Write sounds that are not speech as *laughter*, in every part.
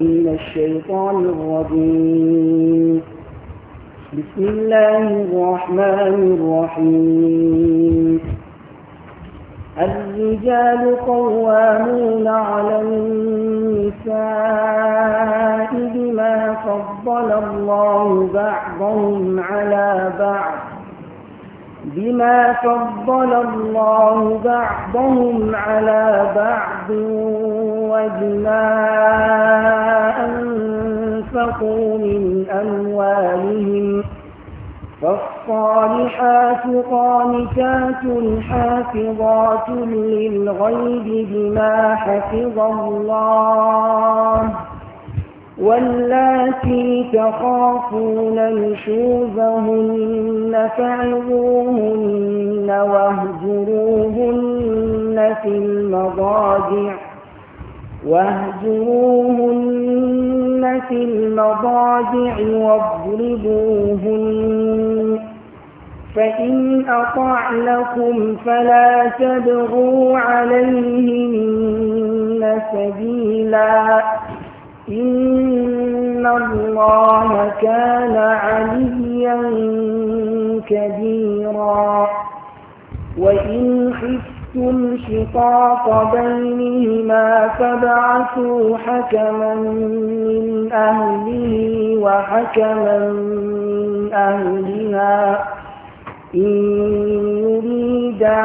من الشيطان الرجيم بسم الله الرحمن الرحيم الرجال قوامون على النساء بما فضل الله بعضهم على بعض بما فضل الله بعضهم على بعض وبما أنفقوا من أموالهم فالصالحات قانتات حافظات للغيب بما حفظ الله واللاتي تخافون نشوزهن فعظوهن واهجروهن في المضاجع واهجروهن في المضاجع واضربوهن فإن أطعنكم فلا تبغوا عليهن سبيلا إن الله كان عليا كبيرا وإن خفت خفتم شقاق بينهما فبعثوا حكما من أهله وحكما من أهلها إن يريدا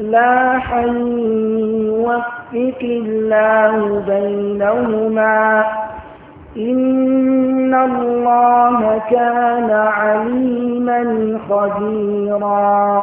إصلاحا يوفق الله بينهما إن الله كان عليما خبيرا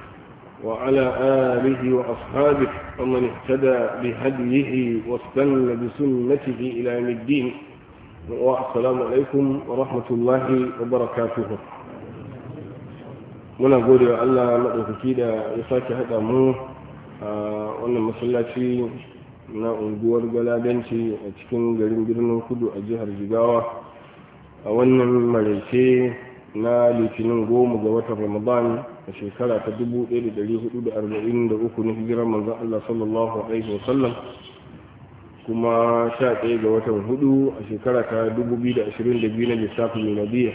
وعلى آله وأصحابه ومن اهتدى بهديه واستنى بسنته إلى يوم الدين والسلام عليكم ورحمة الله وبركاته من أقول يا الله ما أكيد يفاك هذا مو وأن مسلاتي na unguwar galadanci a cikin garin birnin kudu a jihar jigawa a wannan maraice na litinin goma ga watan ramadan a shekara ta 1443 na hijirar manzon Allah sallallahu alaihi wasallam kuma sha ɗaya ga watan hudu a shekara ta 2022 na lissafin miladiya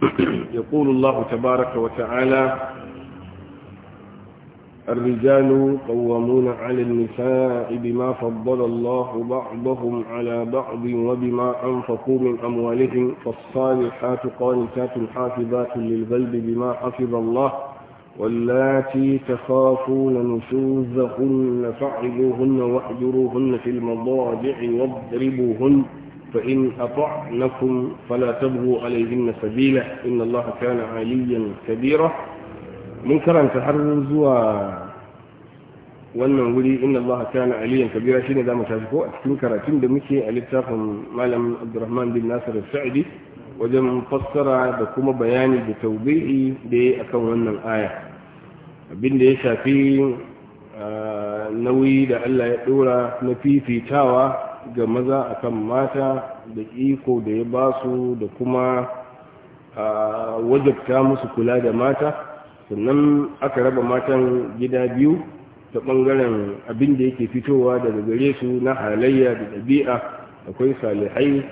*clears throat* ya ƙulu Allah baraka wa ta'ala الرجال قوامون على النساء بما فضل الله بعضهم على بعض وبما أنفقوا من أموالهم فالصالحات قانتات حافظات للغيب بما حفظ الله واللاتي تخافون نشوزهن فاعذوهن واحجروهن في المضاجع واضربوهن فإن أطعنكم فلا تبغوا عليهن سبيلا إن الله كان عليا كبيرا mun karanta har zuwa wannan wuri inna Allah kana aliyan kabira shine zamu tafi ko a cikin karatun da muke a littafin malam Abdurrahman bin Nasir al-Sa'di wajen fassara da kuma bayani da tawbi'i da akan wannan aya abin da ya shafi nauyi da Allah ya dora na fifitawa ga maza akan mata da iko da ya basu da kuma wajabta musu kula da mata sannan aka raba matan gida biyu ta ɓangaren abin da yake fitowa daga gare su na halayya da ɗabi'a akwai salihai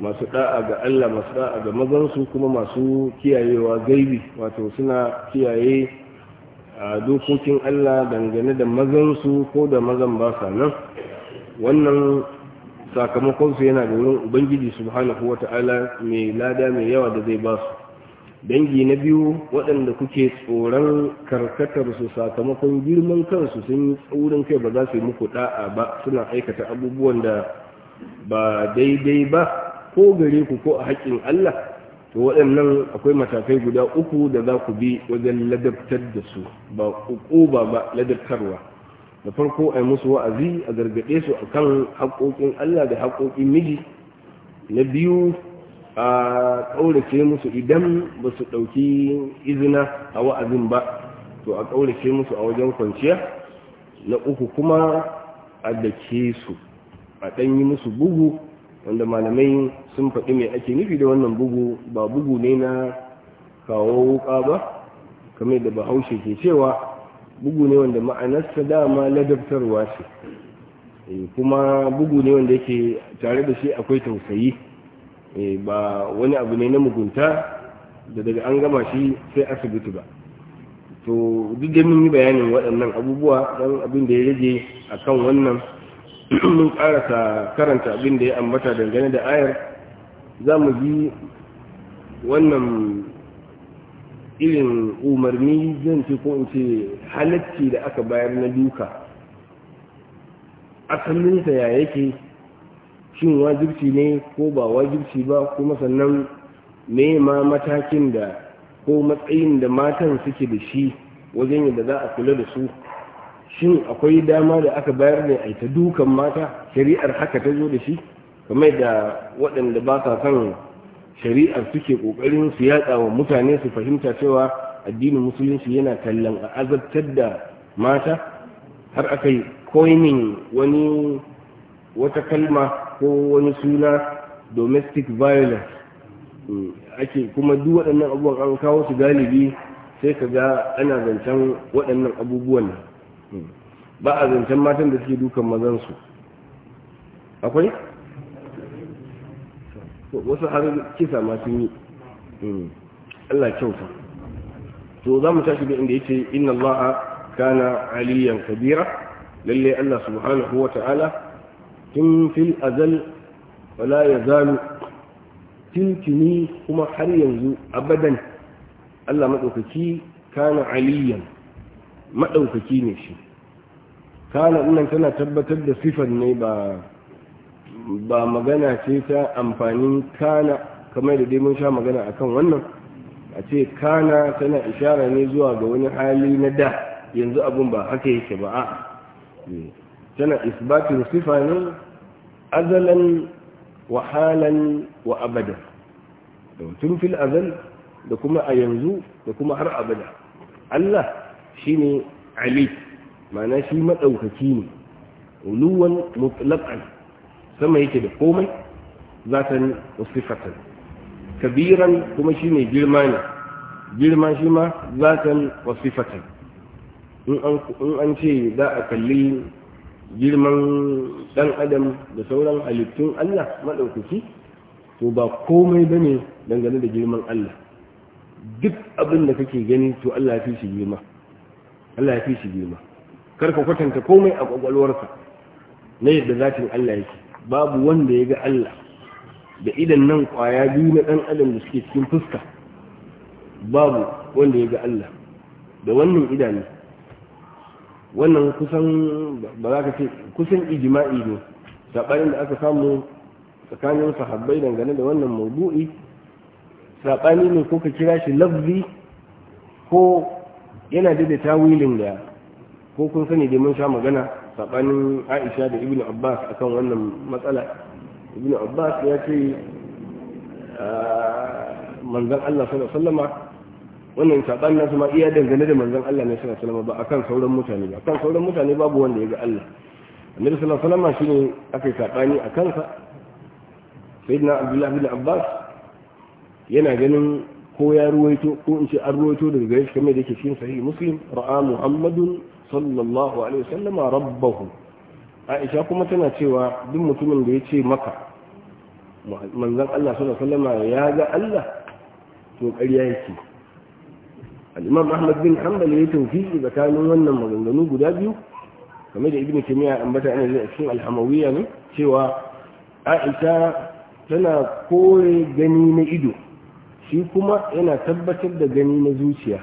masu ɗa'a ga Allah masu ɗa'a ga mazansu kuma masu kiyayewa gaibi wato suna kiyaye a dokokin Allah dangane da mazansu ko da mazan ba sa nan wannan sakamakonsu yana da wurin ubangiji subhanahu wata'ala mai lada mai yawa da zai ba su dangi na biyu waɗanda kuke tsoron karkatarsu sakamakon girman kansu sun yi tsaurin kai ba za su yi muku da'a ba suna aikata abubuwan da ba daidai ba ko gare ku ko a haƙƙin Allah to waɗannan akwai matakai guda uku da za ku bi wajen ladabtar da su ba ƙoƙoba ba ladabtarwa da farko a yi musu wa'azi a gargaɗe su akan haƙoƙin Allah da haƙoƙin miji na biyu a ƙaurace musu idan ba su ɗauki izina a wa'azin ba to a ƙaurace musu a wajen kwanciya na uku kuma a dake su a ɗanyi musu bugu wanda malamai sun faɗi mai ake nufi da wannan bugu ba bugu ne na kawo wuka ba kamar da bahaushe ke cewa bugu ne wanda ma'anarsa dama ladabtarwa ce eh, kuma bugu ne wanda yake tare da shi akwai tausayi Eh, ba wani abu ne na mugunta da daga an gama shi sai asibiti ba to duk da mun yi bayanin waɗannan abubuwa don abin da ya rage a kan wannan *clears throat* mun ƙarasa karanta abin da ya ambata dangane da ayar za mu ji wannan irin umarni zan ce ko in ce halacci da aka bayar na duka asalinsa ya yake shin wajibci ne ko ba wajibci ba kuma sannan me ma matakin da ko matsayin da matan suke da shi wajen yadda za a kula da su shin akwai dama da aka bayar ne a ta dukan mata shari'ar haka ta zo da shi kamar da waɗanda ba sa son shari'ar suke ƙoƙarin su yatsa wa mutane su fahimta cewa addinin musulunci yana kallon a azabtar da mata har aka yi koinin wani wata kalma ko wani suna domestic violence mm, ake kuma duk waɗannan abubuwan an kawo su galibi sai ka ga ana zancen waɗannan abubuwan mm, ba a zancen matan da suke dukan mazansu akwai wasu har kisa masu yi mm, Allah kyauta to za mu tashi da inda yace inna Allah kana aliyan kabira lalle Allah subhanahu wa ta'ala tun fil azal wala ya zalu tilkini kuma har yanzu abadan Allah maɗaukaki kana aliyan maɗaukaki ne shi kana nan tana tabbatar da sifar ne ba ba magana ce ta amfanin kana kamar da dai mun sha magana akan wannan a ce kana tana ishara ne zuwa ga wani hali na da yanzu abun ba haka yake ba a'a tana isbatin sifa ne azalan wa halan wa abada tun fil azal da kuma a yanzu da kuma har abada Allah ne ali mana shi madaukaki ne uluwan mutlaqan sama yake da komai zatan wa sifatan kabiran kuma ne girma ne girma shi ma zatan wa sifatan in an ce za a kalli girman dan adam da sauran halittun Allah maɗaukaki to ba komai ba ne dangane da girman Allah duk abin da kake gani to Allah ya fi shi girma Allah fi shi girma karka kwatanta komai a kwakwalwarka na yadda zatin Allah yake babu wanda ya ga Allah da idan nan kwaya biyu na dan adam da suke cikin fuska babu wanda ya ga Allah da wannan idanu wannan kusan ba za ka ce kusan ijima'i ne saɓanin da aka samu tsakanin sahabbai dangane da wannan mabu'i saɓani ne ko ka kira shi lafzi ko yana da tawilin da ko kun sani da mun sha magana saɓanin aisha da ibn abbas akan wannan matsala ibn abbas ya ce ah, manzan allah sallallahu alaihi wannan saban nasu ma iya dangane da manzon Allah ne sallallahu alaihi wasallam ba akan sauran mutane ba akan sauran mutane babu wanda ya ga Allah annabi sallallahu alaihi wasallam shine aka yi sabani akan sa sayyidina abdullahi bin abbas yana ganin ko ya ruwaito ko in ce an ruwaito daga gare shi kamar da yake cikin sahihi muslim ra'a muhammadun sallallahu alaihi wasallam rabbahu aisha kuma tana cewa duk mutumin da ya ce maka manzon Allah sallallahu alaihi wasallam ya ga Allah to ƙarya yake al'imam ahmad bin hanbal ya tauki tsakanin wannan maganganu guda biyu kamar da ibn kimiyya ambata ana zai cikin alhamawiyya ne cewa aisha tana kore gani na ido shi kuma yana tabbatar da gani na zuciya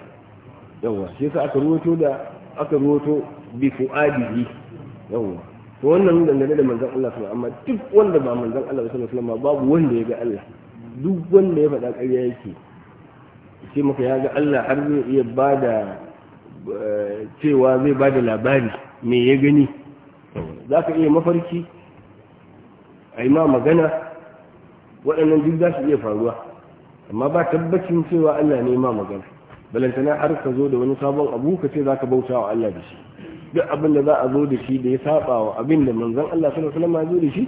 yawa shi yasa aka ruwato da aka ruwato bi fuadihi yawa to wannan dangane da manzon Allah sallallahu alaihi wasallam duk wanda ba manzon Allah sallallahu alaihi wasallam babu wanda ya ga Allah duk wanda ya faɗa ƙarya yake shi muka ya ga Allah har zai iya ba da eh, cewa zai ba da labari me ya gani za ka iya mafarki a yi ma magana waɗannan duk za su iya faruwa amma ba tabbacin cewa Allah ne ma magana balantana har ka zo da wani sabon abu ka ce za ka bauta wa Allah da shi duk abin da za a zo da shi da ya saba wa abin da manzan Allah sallallahu alaihi wasallam zo da shi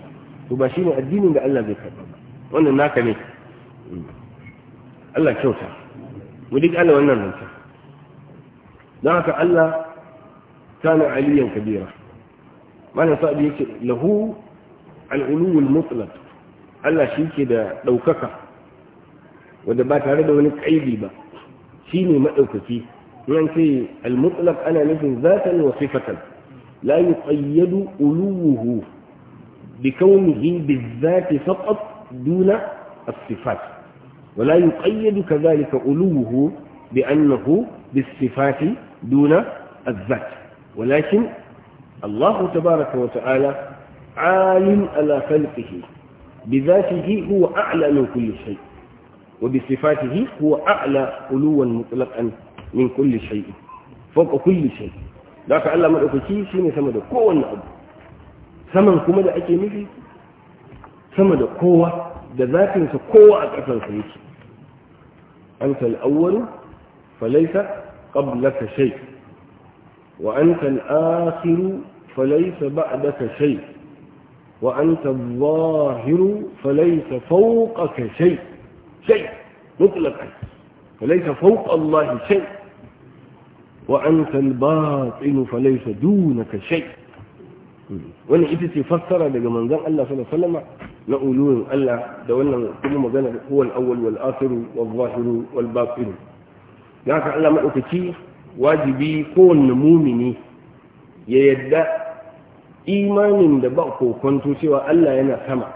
to ba shi ne addinin da Allah zai karɓa ba wannan naka ne Allah kyauta وديك أنا وأنا منك دعك ألا كان عليا كبيرا ما نصاب يك له العلو المطلق ألا شيء كده لو كك وده بات هذا ده منك عيبي بقى فيني ما أوك فيه يعني المطلق أنا نفس ذاتا وصفة لا يقيد ألوه بكونه بالذات فقط دون الصفات ولا يقيد كذلك ألوه بأنه بالصفات دون الذات ولكن الله تبارك وتعالى عالم على خلقه بذاته هو أعلى من كل شيء وبصفاته هو أعلى علوا مطلقا من كل شيء فوق كل شيء ذاك الله مدوكي شيء sama da kowanne أبو saman kuma da ake nufi sama da zatinsa kowa a ƙasarsa yake an tal'awwalu falaisa ƙablaka shai wa an tal'akhiru falaisa ba'daka shai wa an tal'zahiru falaisa fauƙaka shai shai mutlaƙa falaisa fauƙa Allah shai wa an tal'batsinu falaisa dunaka shai wani ita ce fassara daga manzan Allah sallallahu Alaihi na uluwin Allah da wannan kuma magana da kowal awal wal asiru wal zahiru wal Bafiru. da haka Allah madaukaki wajibi kowanne mumini ya yadda imanin da ba kokonto cewa Allah yana sama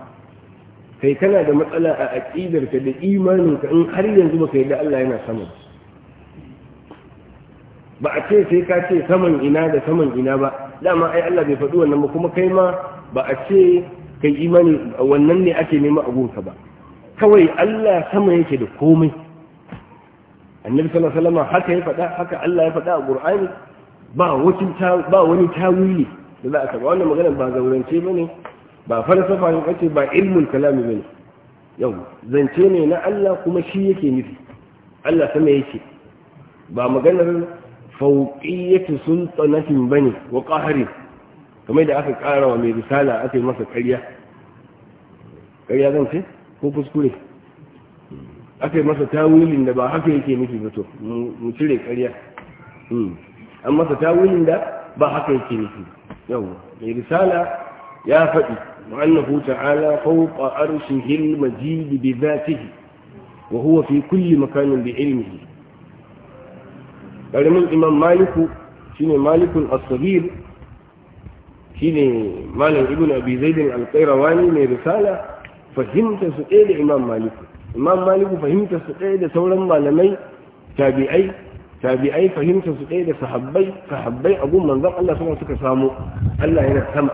kai kana da matsala a ka da imaninka in har yanzu baka yadda Allah yana sama ba a ce sai ka ce saman ina da saman ina ba dama ai Allah bai faɗi wannan ba kuma kai ma ba a ce kai imani wannan ne ake nema a ba kawai Allah sama yake da komai annabi sallallahu alaihi wasallam haka ya faɗa haka Allah ya faɗa a Qur'ani ba wani ba wani tawili da za a saba wannan magana ba zaurance bane ba falsafa ne kace ba ilmul kalami bane yau zance ne na Allah kuma shi yake nufi Allah sama yake ba maganar fauqiyatu sultanatin bane wa qahri kamar da aka ƙara wa mai risala aka yi masa karya. ƙarya zan ce ko kuskure aka yi masa tawilin da ba haka yake nufi ba mu cire ƙarya hmm. an masa tawilin da ba haka yake nufi yau mai risala ya faɗi ma'annahu ta'ala fawqa arshihil majid bi dhatihi wa huwa fi kulli makanin bi ilmihi karamin imam maliku shine malikun as-sabir shine malam ibnu abi zaid al-qayrawani mai risala fahimtar su ɗaya da imam maliku imam maliku fahimtar su ɗaya da sauran malamai tabi'ai tabi'ai fahimtar su ɗaya da sahabbai sahabbai abun manzon Allah sama suka samu Allah yana sama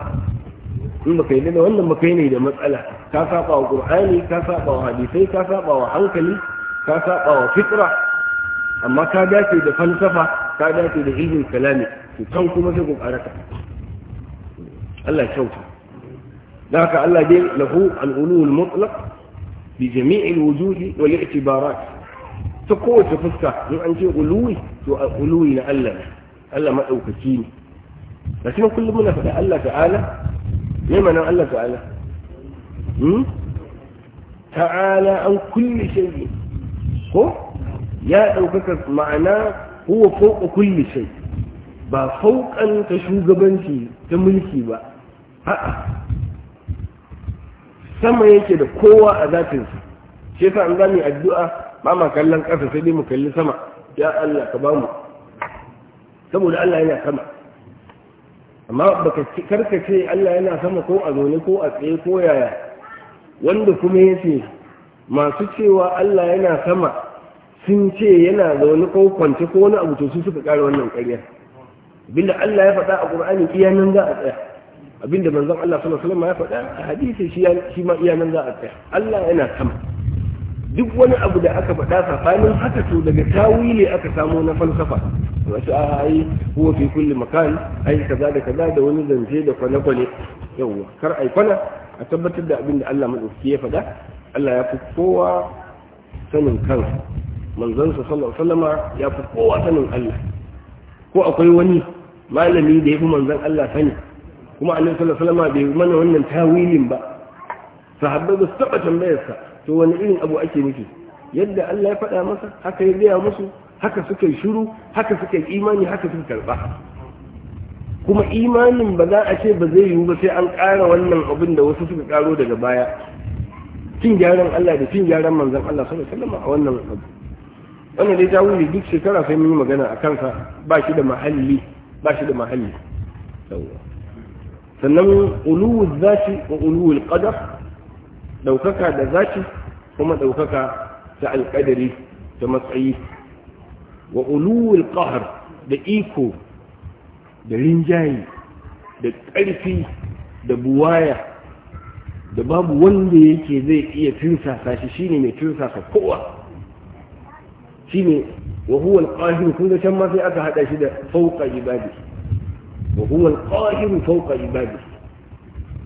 in baka yi da wannan baka yi ne da matsala ka saba wa qur'ani ka saba wa hadisai ka saba wa hankali ka saba wa fitra amma ka dace da falsafa ka dace da ilmin kalami to can kuma sai ku karaka Allah ya kyauta ذاك الله دين له الغلو المطلق بجميع الوجود والاعتبارات تقوى تفسك إن أنت غلوي غلوي لألا ألا ما أوكتيني لكن كل منا فدا الله تعالى لما أنا نعم ألا تعالى تعالى عن كل شيء هو يا أوكتك معناه هو فوق كل شيء با فوق أن تشوق بنتي تملكي با a'a sama yake da kowa a zatinsa shi yasa an zamu addu'a ba ma kallon ƙasa sai dai mu kalli sama ya Allah ka bamu saboda Allah yana sama amma baka ce Allah yana sama ko a zaune ko a tsaye ko yaya wanda kuma yace masu cewa Allah yana sama sun ce yana zaune ko kwance ko wani abu to su suka kare wannan ƙarya bin Allah ya faɗa a Qur'ani iya nan za a tsaya abinda manzon Allah sallallahu alaihi wasallam ya faɗa a hadisi shi shi ma iya nan za a tsaya Allah yana sama duk wani abu da aka faɗa safanin haka to daga tawili aka samu na falsafa wasu a ai huwa fi kulli makan ai kaza da kaza da wani zance da kwane kwane yawwa kar ai kwana a tabbatar da abinda Allah madauki ya faɗa Allah ya fi kowa sanin kansa manzon sa sallallahu alaihi wasallama ya fi kowa sanin Allah ko akwai wani malami da ya fi manzon Allah sani kuma annabi sallallahu alaihi wasallam bai mana wannan tawilin ba sahabbai ba su taba tambayarsa. to wani irin abu ake nufi yadda Allah ya faɗa masa haka ya gaya musu haka suka yi shiru haka suka yi imani haka suka karɓa kuma imanin ba za a ce ba zai yiwu ba sai an ƙara wannan abin da wasu suka ƙaro daga baya cin gyaran Allah da cin gyaran manzon Allah sallallahu alaihi wasallam a wannan abu wannan dai tawili duk shekara sai mun yi magana a kansa ba shi da mahalli ba shi da mahalli sannan uluwul zaci, wa uluwul qadar daukaka da zaci, kuma daukaka ta alkadari ta matsayi wa uluwul qahr da iko da rinjayi da ƙarfi da buwaya da babu wanda yake zai iya tursasa shi shine mai tursasa kowa shine wa huwa al-qahir kun ga can ma sai aka hada shi da fauka ibadi wa huwa al-qahiru fawqa ibadihi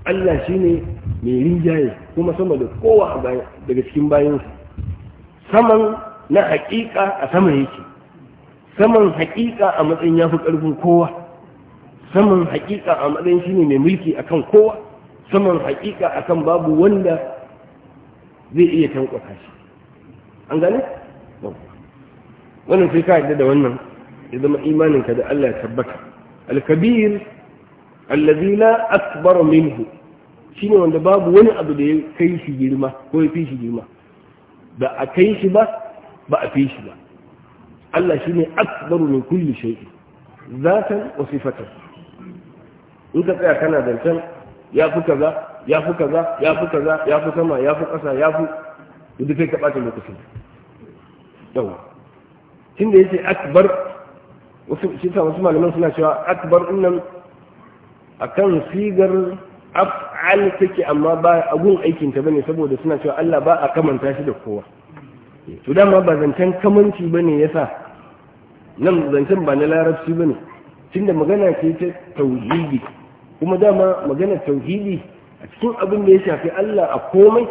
Allah shine mai rinjaye kuma sama da kowa daga cikin bayansa saman na haƙiƙa a sama yake saman haƙiƙa a matsayin yafi ƙarfin kowa saman haƙiƙa a matsayin shine mai mulki akan kowa saman haƙiƙa akan babu wanda zai iya tankwaka shi an gane wannan sai ka yadda da wannan ya zama imaninka da Allah ya tabbata alkabir allazi la akbar minhu shine wanda babu wani abu da ya kai shi girma ko ya fi shi girma ba a kai shi ba ba a fi shi ba Allah shine akbar min kulli shay'in zatan wa sifatan in ka tsaya kana zancen ya fi kaza ya fi kaza ya fi kaza ya fi sama ya fi ƙasa ya fi duk kai ka ɓata lokacin yawa tun da yake akbar wasu shi ta wasu malaman suna cewa akbar nan akan sigar af'al take amma ba a gun aikin bane saboda suna cewa Allah ba a kamanta shi da kowa to dama ba zancen kamanci bane yasa nan zancen ba na larabci bane tunda magana ce ta tauhidi kuma dama maganar tauhidi a cikin abin da ya shafi Allah a komai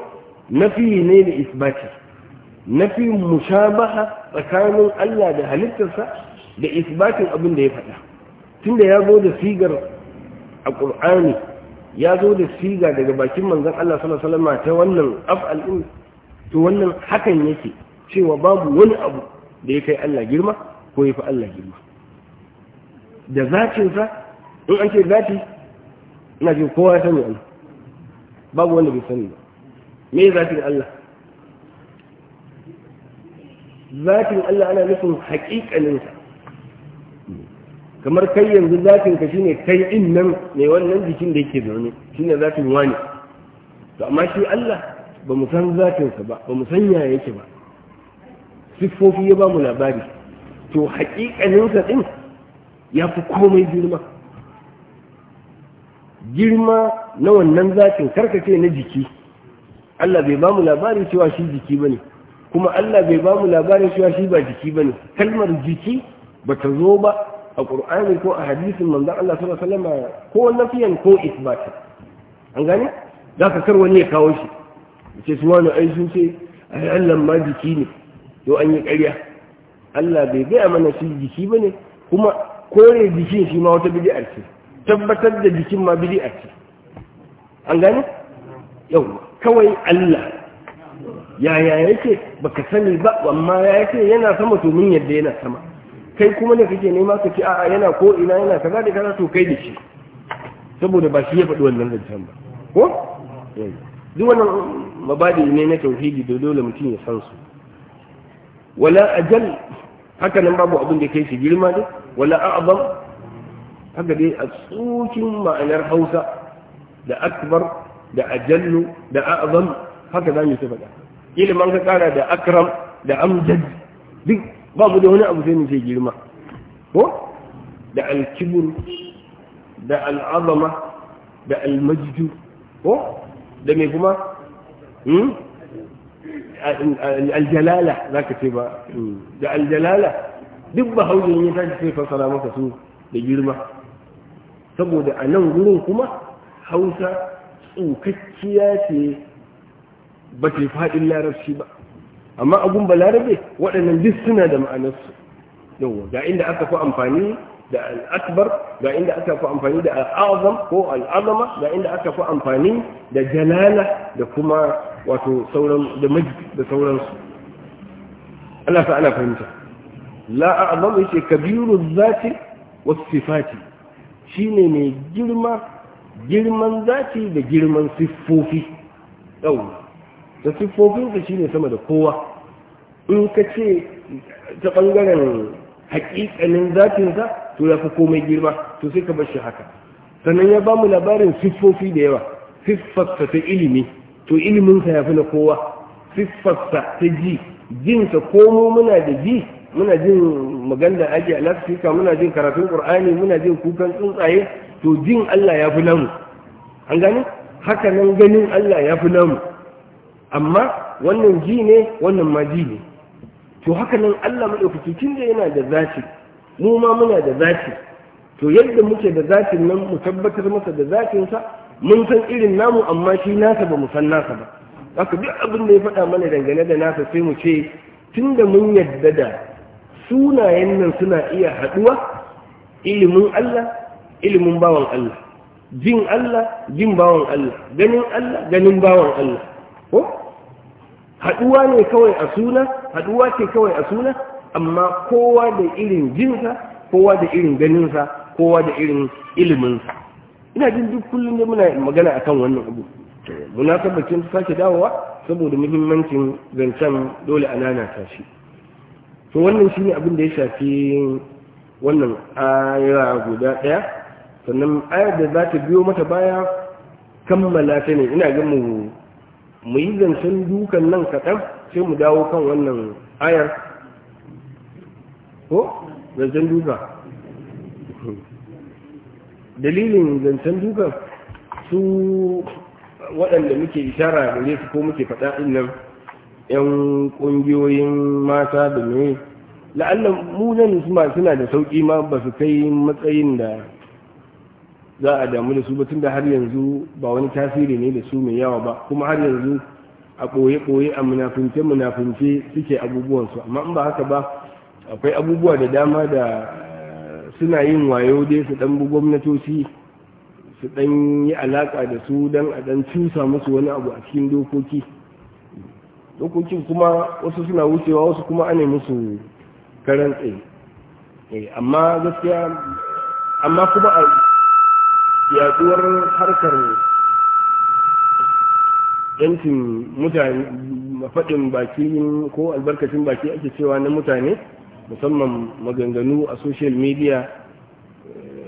nafi ne da isbati nafi mushabaha tsakanin Allah da halittarsa da isbatin abin da ya faɗa tun da ya zo da sigar a ƙur'ani ya zo da siga daga bakin manzan Allah sallallahu alaihi ta wannan af'al din to wannan hakan yake cewa babu wani abu da ya kai Allah girma ko ya fi Allah girma da zacinsa in an ce zaci ina ce kowa ya sani Allah babu wanda bai sani ba me zafin Allah zafin Allah ana nufin haƙiƙaninsa kamar kai yanzu zafinka ka shine kai in nan mai wannan jikin da yake zaune shine zafin wani to amma shi Allah ba mu san zatin ba ba mu san ya yake ba siffofi ya ba mu labari to haƙiƙanin sa din ya fi komai girma girma na wannan karka karkace na jiki Allah bai ba mu labari cewa shi jiki bane kuma Allah bai ba mu labarin cewa shi ba jiki bane kalmar jiki bata zo ba a ƙur'ani ko a hadisin manzan Allah sallallahu alaihi wasallam ko nafiyan ko isbata an gane za ka kar wani ya kawo shi yace su wani ai sun ce ai Allah ma jiki ne to an yi ƙarya Allah bai gaya mana shi jiki ba ne kuma kore jikin shi ma wata bid'a ce tabbatar da jikin ma bid'a ce an gane yau kawai Allah yaya yake baka sani ba amma ya yake yana sama to mun yadda yana sama kai kuma ne kake nema ka ce a'a yana ko ina yana kaza da kaza to kai da shi saboda ba shi ya faɗi wannan zancen ba ko duk wannan mabadi ne na tauhidi da dole mutum ya san su wala ajal haka nan babu abin da kai shi girma dai wala a'zam haka dai a tsokin ma'anar Hausa da akbar da ajallu da a'zam haka za mu faɗa ilimin ka kara da akram da amjad duk ba mu da wani abu sai mu girma ko da alkibur da al'azama da almajdu ko da me kuma hmm? aljalala za ka ce ba da aljalala duk ba haujin ya tashi sai fasara maka su da girma saboda a nan gurin kuma hausa tsokakkiya ce ba ta faɗin larabci ba amma abun balarabe waɗannan duk suna da ma'anarsu Yau ga inda aka fi amfani da al'akbar ga inda aka fi amfani da al'azam ko al'azama ga inda aka fi amfani da jalala da kuma wato sauran da majid da sauransu ana sa ana fahimta la a'azam yake kabiru zati was sifati shine mai girma girman zati da girman siffofi Yau. da siffofinsa shine sama da kowa in ka ce ta ɓangaren haƙiƙanin zatinsa to ya fi komai girma to sai ka bar shi haka sannan ya ba mu labarin siffofi da yawa siffarsa ta ilimi to iliminsa ya fi na kowa siffarsa ta ji jinsa komo muna da ji muna jin maganda aji a alasfika muna jin karatun ƙur'ani muna jin kukan tsuntsaye to jin allah ya fi namu an gani haka nan ganin allah ya fi namu amma wannan ji ne wannan ma ji ne to haka nan Allah madaukaki tun da yana da zati mu ma muna da zati to yadda muke da zatin nan mu tabbatar masa da zatinsa mun san irin namu amma shi nasa ba mu san nasa ba haka duk abin da ya faɗa mana dangane da nasa sai mu ce tun da mun yadda da sunayen nan suna iya haɗuwa ilimin Allah ilimin bawan Allah jin Allah jin bawan Allah ganin Allah ganin bawan Allah ko haduwa ne kawai a suna haduwa ce kawai a suna amma kowa da irin jinsa kowa da irin ganinsa kowa da irin iliminsa ina jin duk kullum da muna magana a kan wannan abu su sake dawowa saboda muhimmancin zancen dole a nanata shi to wannan shi ne abin da ya shafi wannan aya guda ɗaya, sannan ayar da za ta biyo mata baya kammala ta ne ina ga mu mu yi zancen dukan nan kaɗan sai mu dawo kan wannan ayar ko zancen duka dalilin zancen dukan su waɗanda muke ishara da su ko muke faɗa nan yan ƙungiyoyin mata da ne. la'allan mu nan suna da sauƙi ma ba su kai matsayin da za a damu da su ba tunda har yanzu ba wani tasiri ne da su mai yawa ba kuma har yanzu a ɓoye-ɓoye a munafunce-munafunce suke abubuwansu amma in ba haka ba akwai abubuwa da dama da eh, suna yin wayo dai su ɗan bi gwamnatoci su ɗan yi alaƙa da su don a ɗan cusa musu wani abu a cikin dokoki dokokin kuma wasu suna wucewa wasu kuma ana musu karan tsaye eh, amma gaskiya amma kuma yaduwar harkar yancin mutane mafaɗin baki ko albarkacin baki ake cewa na mutane musamman maganganu a social media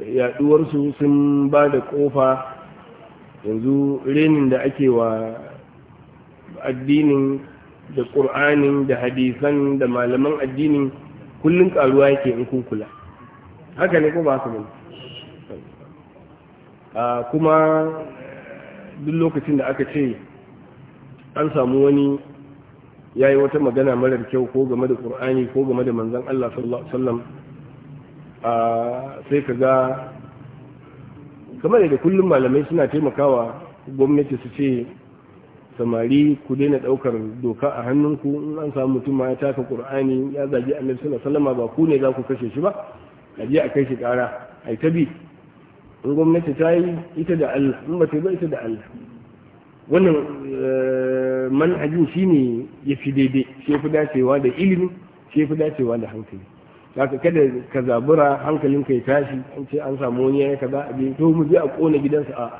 yaduwarsu sun ba da ƙofa yanzu renin da ake wa addinin da ƙur'anin da hadisan da malaman addinin kullum ƙaruwa yake in kula. haka ne ko ba su bane kuma duk lokacin da aka ce an samu wani ya yi wata magana marar kyau ko game da ƙur'ani ko game da manzan Allah sallam sai ka ga kamar da kullum malamai suna taimakawa gwamnati su ce samari ku daina ɗaukar doka a hannunku in an samu mutum ma ya taka ƙur'ani ya zagi annabi sallallahu alaihi ba ku ne za ku kashe shi ba a je a kai shi ƙara ai ta bi in gwamnati ta yi ita da Allah in ba ta ba ita da Allah wannan eh, manhajin shi ne ya fi daidai shi fi dacewa da ilimi shi ya fi dacewa da hankali haka kada ka zabura ka ya tashi an ce an samu wani ya kaza a biyu to mu je a kona gidansa a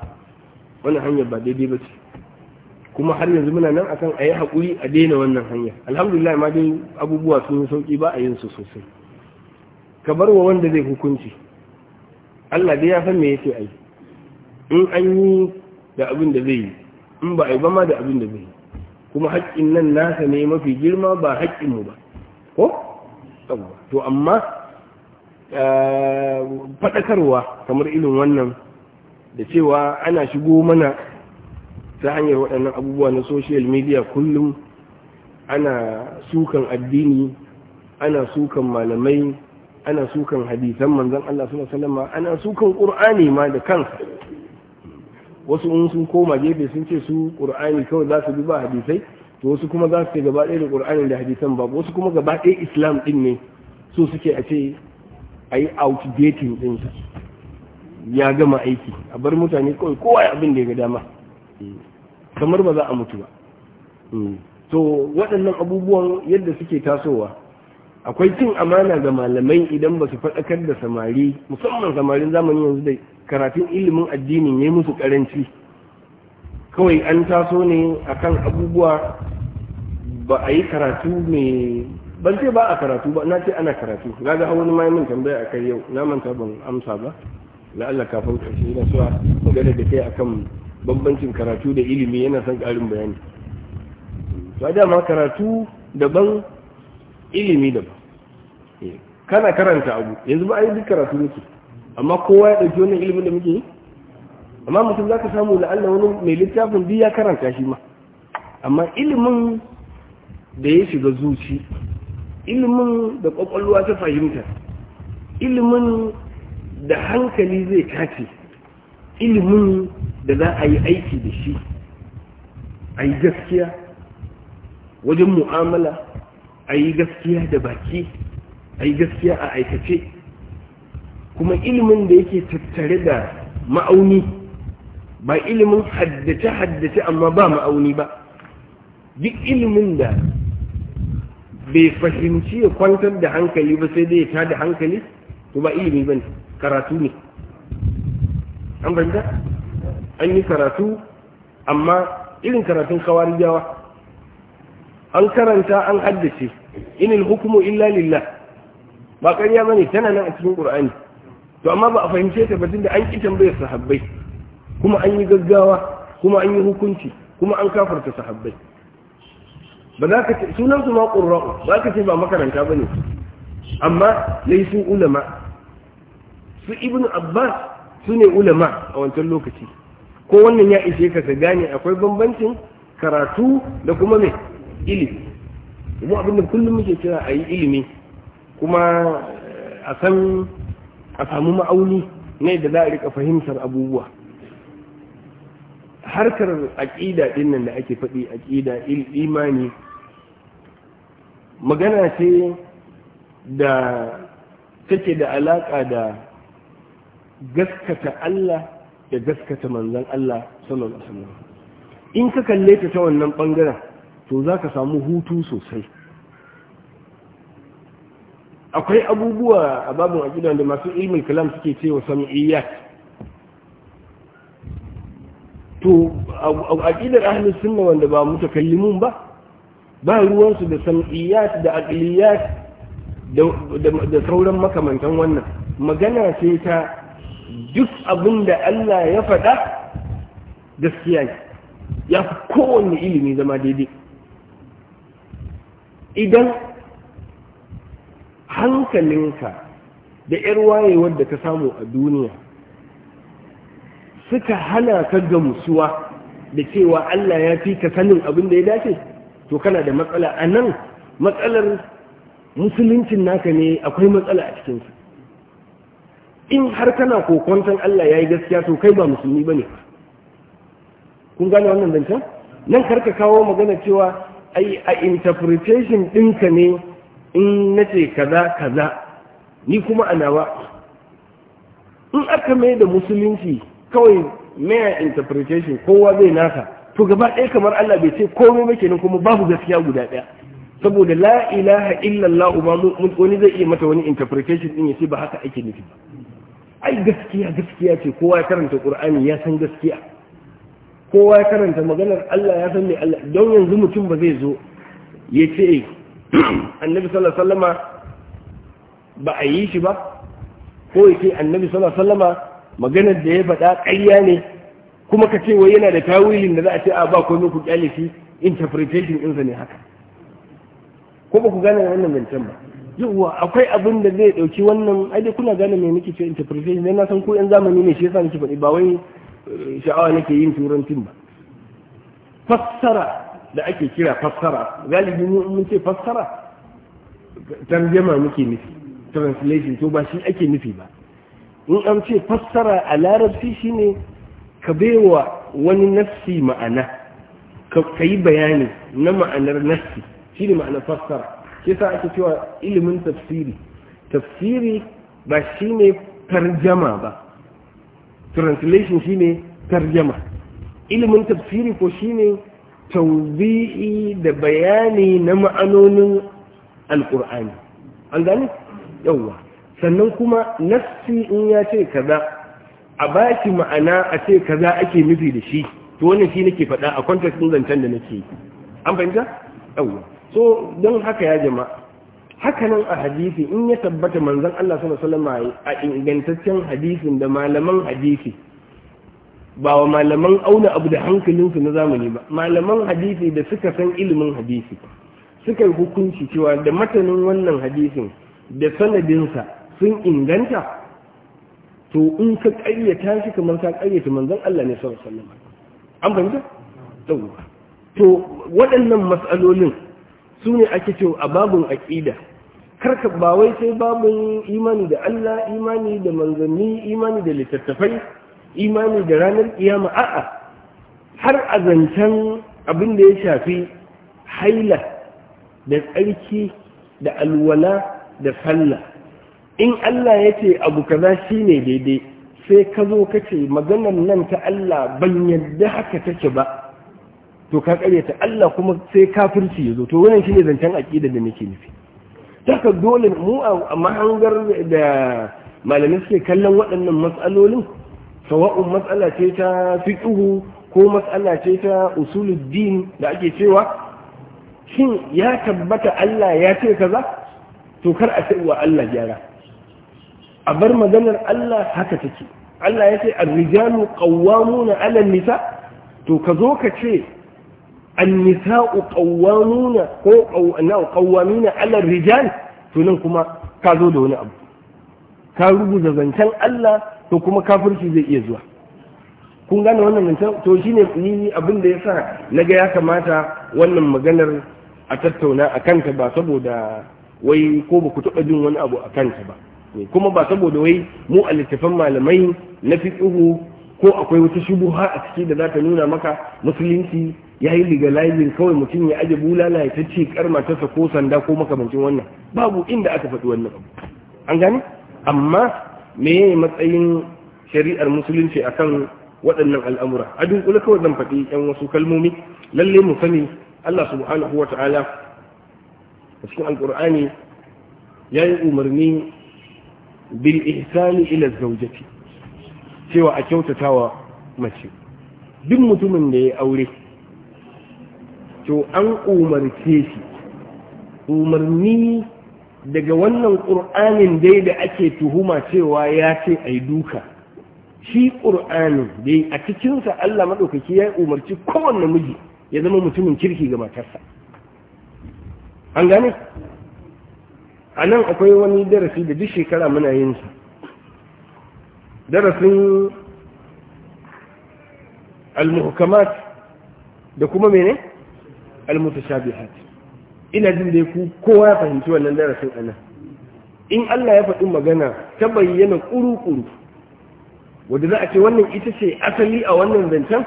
wannan hanyar ba daidai ba ce kuma har yanzu muna nan akan a yi haƙuri a daina wannan hanyar alhamdulillah ma dai abubuwa sun yi sauki ba a yin su sosai ka bar wa wanda zai hukunci Allah dai ya san me yake ai in an yi da abin da zai yi in ba ai ba ma da abin da zai yi kuma haƙƙin nan nasa ne mafi girma ba haƙƙin mu ba ko to amma eh, faɗakarwa kamar irin wannan da cewa ana shigo mana ta hanyar waɗannan abubuwa na social media kullum ana sukan addini ana sukan malamai ana sukan hadisan manzon Allah sallallahu alaihi wasallam ana sukan qur'ani ma da kansa wasu in sun koma gefe sun ce su qur'ani kawai za su bi ba hadisai to wasu kuma za su ce gaba ɗaya da qur'ani da hadisan ba wasu kuma gaba ɗaya islam ɗin ne so suke a ce ayi outdating din sa ya gama aiki a bar mutane kawai kowa ya abin da ya ga dama kamar ba za a mutu ba hmm. to waɗannan abubuwan yadda suke tasowa akwai cin amana ga malamai idan ba su faɗakar da samari musamman samarin zamani yanzu da karatun ilimin addinin ya musu karanci kawai an taso ne akan abubuwa ba a yi karatu mai ban ce ba a karatu ba na ce ana karatu na ga wani ma min tambaya kai yau na manta ban amsa ba la'alla kafin karshe na suwa magana da kai akan bambancin karatu da ilimi yana son ƙarin bayani to a dama karatu daban ilimi daban Eh, kana karanta abu yanzu ba ai duk karatu ne amma kowa ya ɗauki wannan ilimin da muke yi amma mutum za ka samu la'alla wani mai littafin biyu ya karanta shi ma amma ilimin da ya shiga zuci ilimin da kwakwalwa ta fahimta ilimin da hankali zai tace ilimin da za a yi aiki da shi a yi gaskiya wajen mu'amala a yi gaskiya da baki ai gaskiya a aikace kuma ilimin da yake tattare da ma'auni ba ilimin haddace haddace amma ba ma'auni ba duk ilimin da bai fahimci ya kwantar da hankali ba sai dai ya tada hankali to ba ilimi ba karatu ne an banta an yi karatu amma irin karatun kawarijawa an karanta an haddace inil hukumu illa lillah ba ƙarya ba ne tana nan a cikin ƙur'ani to amma ba a fahimce ta batun da an ƙi tambayar sahabbai kuma an yi gaggawa kuma an yi hukunci kuma an kafarta sahabbai ba za ka ce sunan su ma ƙurra'u ba ka ce ba makaranta ba ne amma laisun ulama su ibn abbas su ne ulama a wancan lokaci ko wannan ya ishe ka ka gane akwai bambancin karatu da kuma mai ilimi mu abin da kullum muke kira a yi ilimi kuma eh, a san a samu ma'auni ne da za a rika fahimtar abubuwa harkar aƙida ɗin nan da ake faɗi aƙida imani magana ce da take da alaƙa da gaskata Allah da gaskata manzan Allah sallallahu alaihi wasallam in ka kalle ta ta wannan bangaren to za ka samu hutu sosai akwai abubuwa a babin aƙida da masu ilmin kalam suke cewa sam'iyyat to aƙidar ahalin sunna wanda ba mu ba ba ruwansu da sam'iyyat da aqliyat da sauran makamantan wannan magana ce ta duk abin da Allah ya faɗa gaskiya ne ya fi kowanne ilimi zama daidai idan hankalinka da ‘yar wayewar da ka samu a duniya suka hana ka gamsuwa da cewa Allah ya fi ka sanin abin da ya dace to kana da matsala a nan matsalar musuluncin naka ne akwai matsala a cikinsu. in har kana kokonton Allah ya yi gaskiya to kai ba musulmi ba ne kun gane wannan zancen nan karka kawo magana cewa a interpretation ɗinka ne in na ce kaza kaza ni kuma a nawa in aka mai da musulunci kawai mayan interpretation kowa zai nasa to gaba ɗaya kamar Allah bai ce komai ba kenan kuma babu gaskiya guda ɗaya saboda la ilaha illallah ba wani zai iya mata wani interpretation din yace ba haka ake nufi ai gaskiya gaskiya ce kowa ya karanta qur'ani ya san gaskiya kowa ya karanta maganar Allah ya san me Allah don yanzu mutum ba zai zo ya ce *clears throat* annabi sallallahu alaihi wasallama ba a yi shi ba ko yake annabi sallallahu alaihi wasallama maganar da ya faɗa ƙarya ne kuma ka ce wai yana da tawilin da za a ce a ba komai ku kyale shi interpretation ɗinsa ne haka ko ba ku gane wannan zancen ba yawwa akwai abin da zai ɗauki wannan ai kuna gane me nake ce interpretation dan na san ko yan zamani ne shi yasa nake faɗi ba wai eh, sha'awa nake yin turancin ba fassara da ake kira fassara galibi mun ce fassara tarjama muke nufi translation to ba shi ake nufi ba in an ce fassara a larabci shine ka baiwa wani nafsi ma'ana ka yi bayani na ma'anar nafsi shine ne ma'anar fassara shi sa ake cewa ilimin tafsiri tafsiri ba shi ne tarjama ba translation shi ne tarjama ilimin tafsiri ko shi ne tawzi'i da bayani na ma'anonin alkur'ani an gane yawwa sannan kuma nassi in ya ce kaza a baki ma'ana a ce kaza ake nufi da shi to wannan shi nake faɗa a kwantar din zancen da nake an fahimta yawwa so don haka ya jama'a hakanan a hadisi in ya tabbata manzon Allah sallallahu alaihi wasallam a ingantaccen hadisin da malaman hadisi ba wa malaman auna abu da hankalinsu na zamani ba malaman hadisi da suka san ilimin hadisi suka yi hukunci cewa da matanin wannan hadisin da sanadinsa sun inganta to in ka ƙaryata shi kamar ka ƙaryata manzon Allah ne sallallahu alaihi wasallam an fahimta tsawo to waɗannan matsalolin su ne ake cewa a babun aƙida karka ba wai sai babun imani da Allah imani da manzanni imani da littattafai imani da ranar kiyama a'a har a zancen abin da ya shafi haila da tsarki da alwala da sallah in Allah ya ce abu kaza ne daidai sai ka zo ka ce maganar nan ta Allah ban yadda haka take ba to ka karyata Allah kuma sai kafirci ya zo to wannan shine zancen aqida da nake nufi taka dole mu a mahangar da malamai suke kallon waɗannan matsalolin sawa'un matsala ce ta fiqhu ko matsala ce ta usuluddin da ake cewa shin ya tabbata Allah ya ce kaza to kar a sai wa Allah gyara a bar maganar Allah haka take Allah ya ce ar-rijalu qawwamuna 'ala an-nisa to ka zo ka ce an-nisa'u qawwamuna ko qawwamuna 'ala rijal to nan kuma ka zo da wani abu ka rubuta zancen Allah to kuma kafirci zai iya zuwa kun gane wannan mintan to shi ne abin da ya sa na ga ya kamata wannan maganar a tattauna a kanta ba saboda wai ko ba ku taɓa jin wani abu a kanta ba kuma ba saboda wai mu a littafan malamai na tsuhu ko akwai wata shubuha a ciki da za ta nuna maka musulunci ya yi legalizing kawai mutum ya aje bulala ya tace karma ta ko sanda ko makamancin wannan babu inda aka faɗi wannan abu an gane amma meye matsayin shari'ar musulunci a kan waɗannan al'amura a dunkule kawai zan faɗi yan wasu kalmomi lalle mu sani Allah subhanahu wa ta'ala a cikin alƙur'ani ya yi umarni bil ihsani ila zaujati cewa a kyautatawa mace duk mutumin da ya aure to an umarce shi umarni daga wannan ƙur'anin dai da ake tuhuma cewa ya ce yi duka shi ƙur'anin dai a cikinsa Allah maɗaukaki ya yi umarci kowanne miji ya zama mutumin kirki ga matarsa an gane a nan akwai wani darasi da duk shekara muna yin sa darasin al da kuma mene al-mutashabihat ina jin dai ku kowa ya fahimci wannan darasin anan in Allah ya faɗi magana ta bayyana ƙuru-ƙuru. wadda za a ce wannan ita ce asali a wannan zancen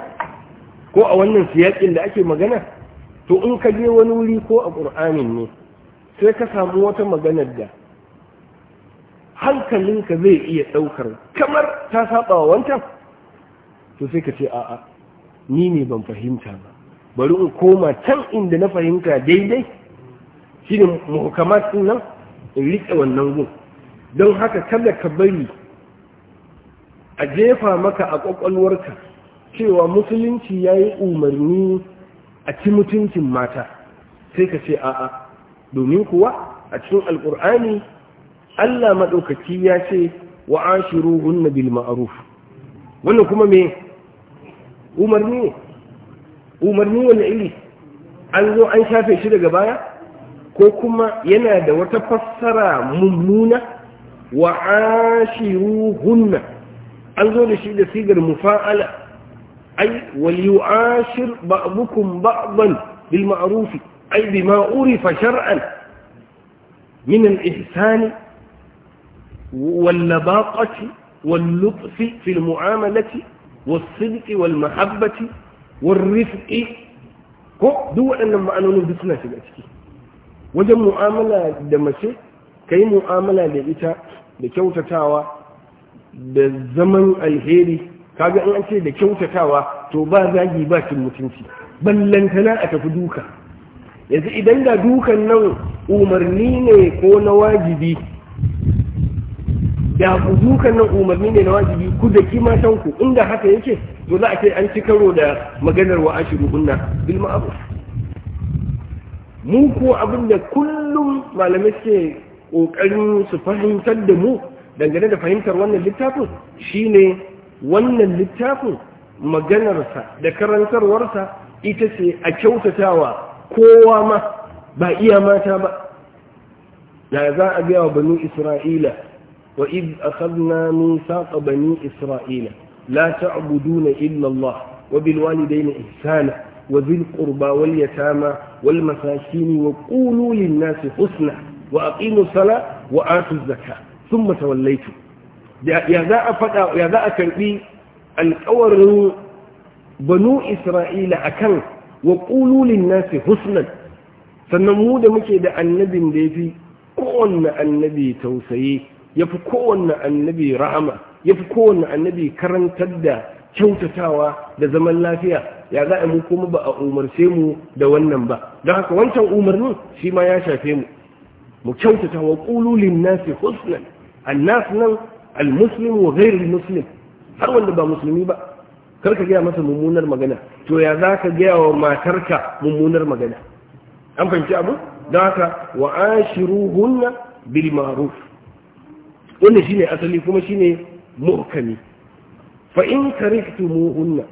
ko a wannan siyaƙin da ake magana to in ka je wani wuri ko a ƙur'anin ne sai ka samu wata maganar da hankalinka zai iya ɗaukar kamar ta saɓa wa wancan to sai ka ce a'a ni ne ban fahimta ba bari in koma can inda na fahimta daidai shi ne muhukamat nan in riƙe wannan gun don haka kada ka bari a jefa maka a ƙwaƙwalwarka cewa musulunci ya yi umarni a ci mutuncin mata sai ka ce a'a domin kuwa a cikin alƙur'ani allah maɗaukaki ya ce wa ashiru hunna bil ma'aruf wannan kuma me umarni umarni wani iri an zo an shafe shi daga baya ko kuma yana da wata fassara mummuna wa ashiruhunna an zo da shi da sigar mufa'ala ay wal yu'ashir ba'dukum ba'dan bil ma'ruf ay bima urifa shar'an min al ihsan wal nabaqati wal lutf fi al mu'amalati was sidq wal mahabbati wal rifq ko duk waɗannan ma'anonin duk suna shiga ciki wajen mu'amala da mace ka yi mu'amala da ita da kyautatawa da zaman alheri kaga in an ce da kyautatawa to ba zagi ba cin mutunci ballantana a tafi duka yanzu idan da dukan nan umarni ne ko na wajibi da dukan nan umarni ne na wajibi ku da kimatanku inda haka yake to za a kai an ci karo da maganar wa ashiru kunna bil ma'ruf mu ko abin da kullum malamai suke ƙoƙarin su fahimtar da mu dangane da fahimtar wannan littafin shine wannan littafin maganarsa da karantarwarsa ita ce a kyautatawa kowa ma ba iya mata ba da za a biya wa bani isra'ila wa id akhadna mithaqa bani isra'ila la ta'buduna illa Allah wa bil walidayni ihsana وذي القربى واليتامى والمساكين وقولوا للناس حسنا وأقيموا الصلاة وآتوا الزكاة ثم توليتم يا ذا أفتا يا ذا أكربي القور بنو إسرائيل أكن وقولوا للناس حسنا سنمود مكيد النبي ديفي كون النبي توسيه yafi kowanne annabi rahama yafi kowanne annabi karantar da kyautatawa da zaman lafiya ya za a mu kuma ba a umarce mu da wannan ba don haka wancan umarnin shi ma ya shafe mu mu kyautata wa ƙululin nasi husnan annas nan almuslim wa ghairul muslim har wanda ba musulmi ba kar ka gaya masa mummunar magana to ya za ka gaya wa matarka mummunar magana an fahimci abu don haka wa ashiruhunna bil ma'ruf wannan shine asali kuma shine muhkami fa in karihtumuhunna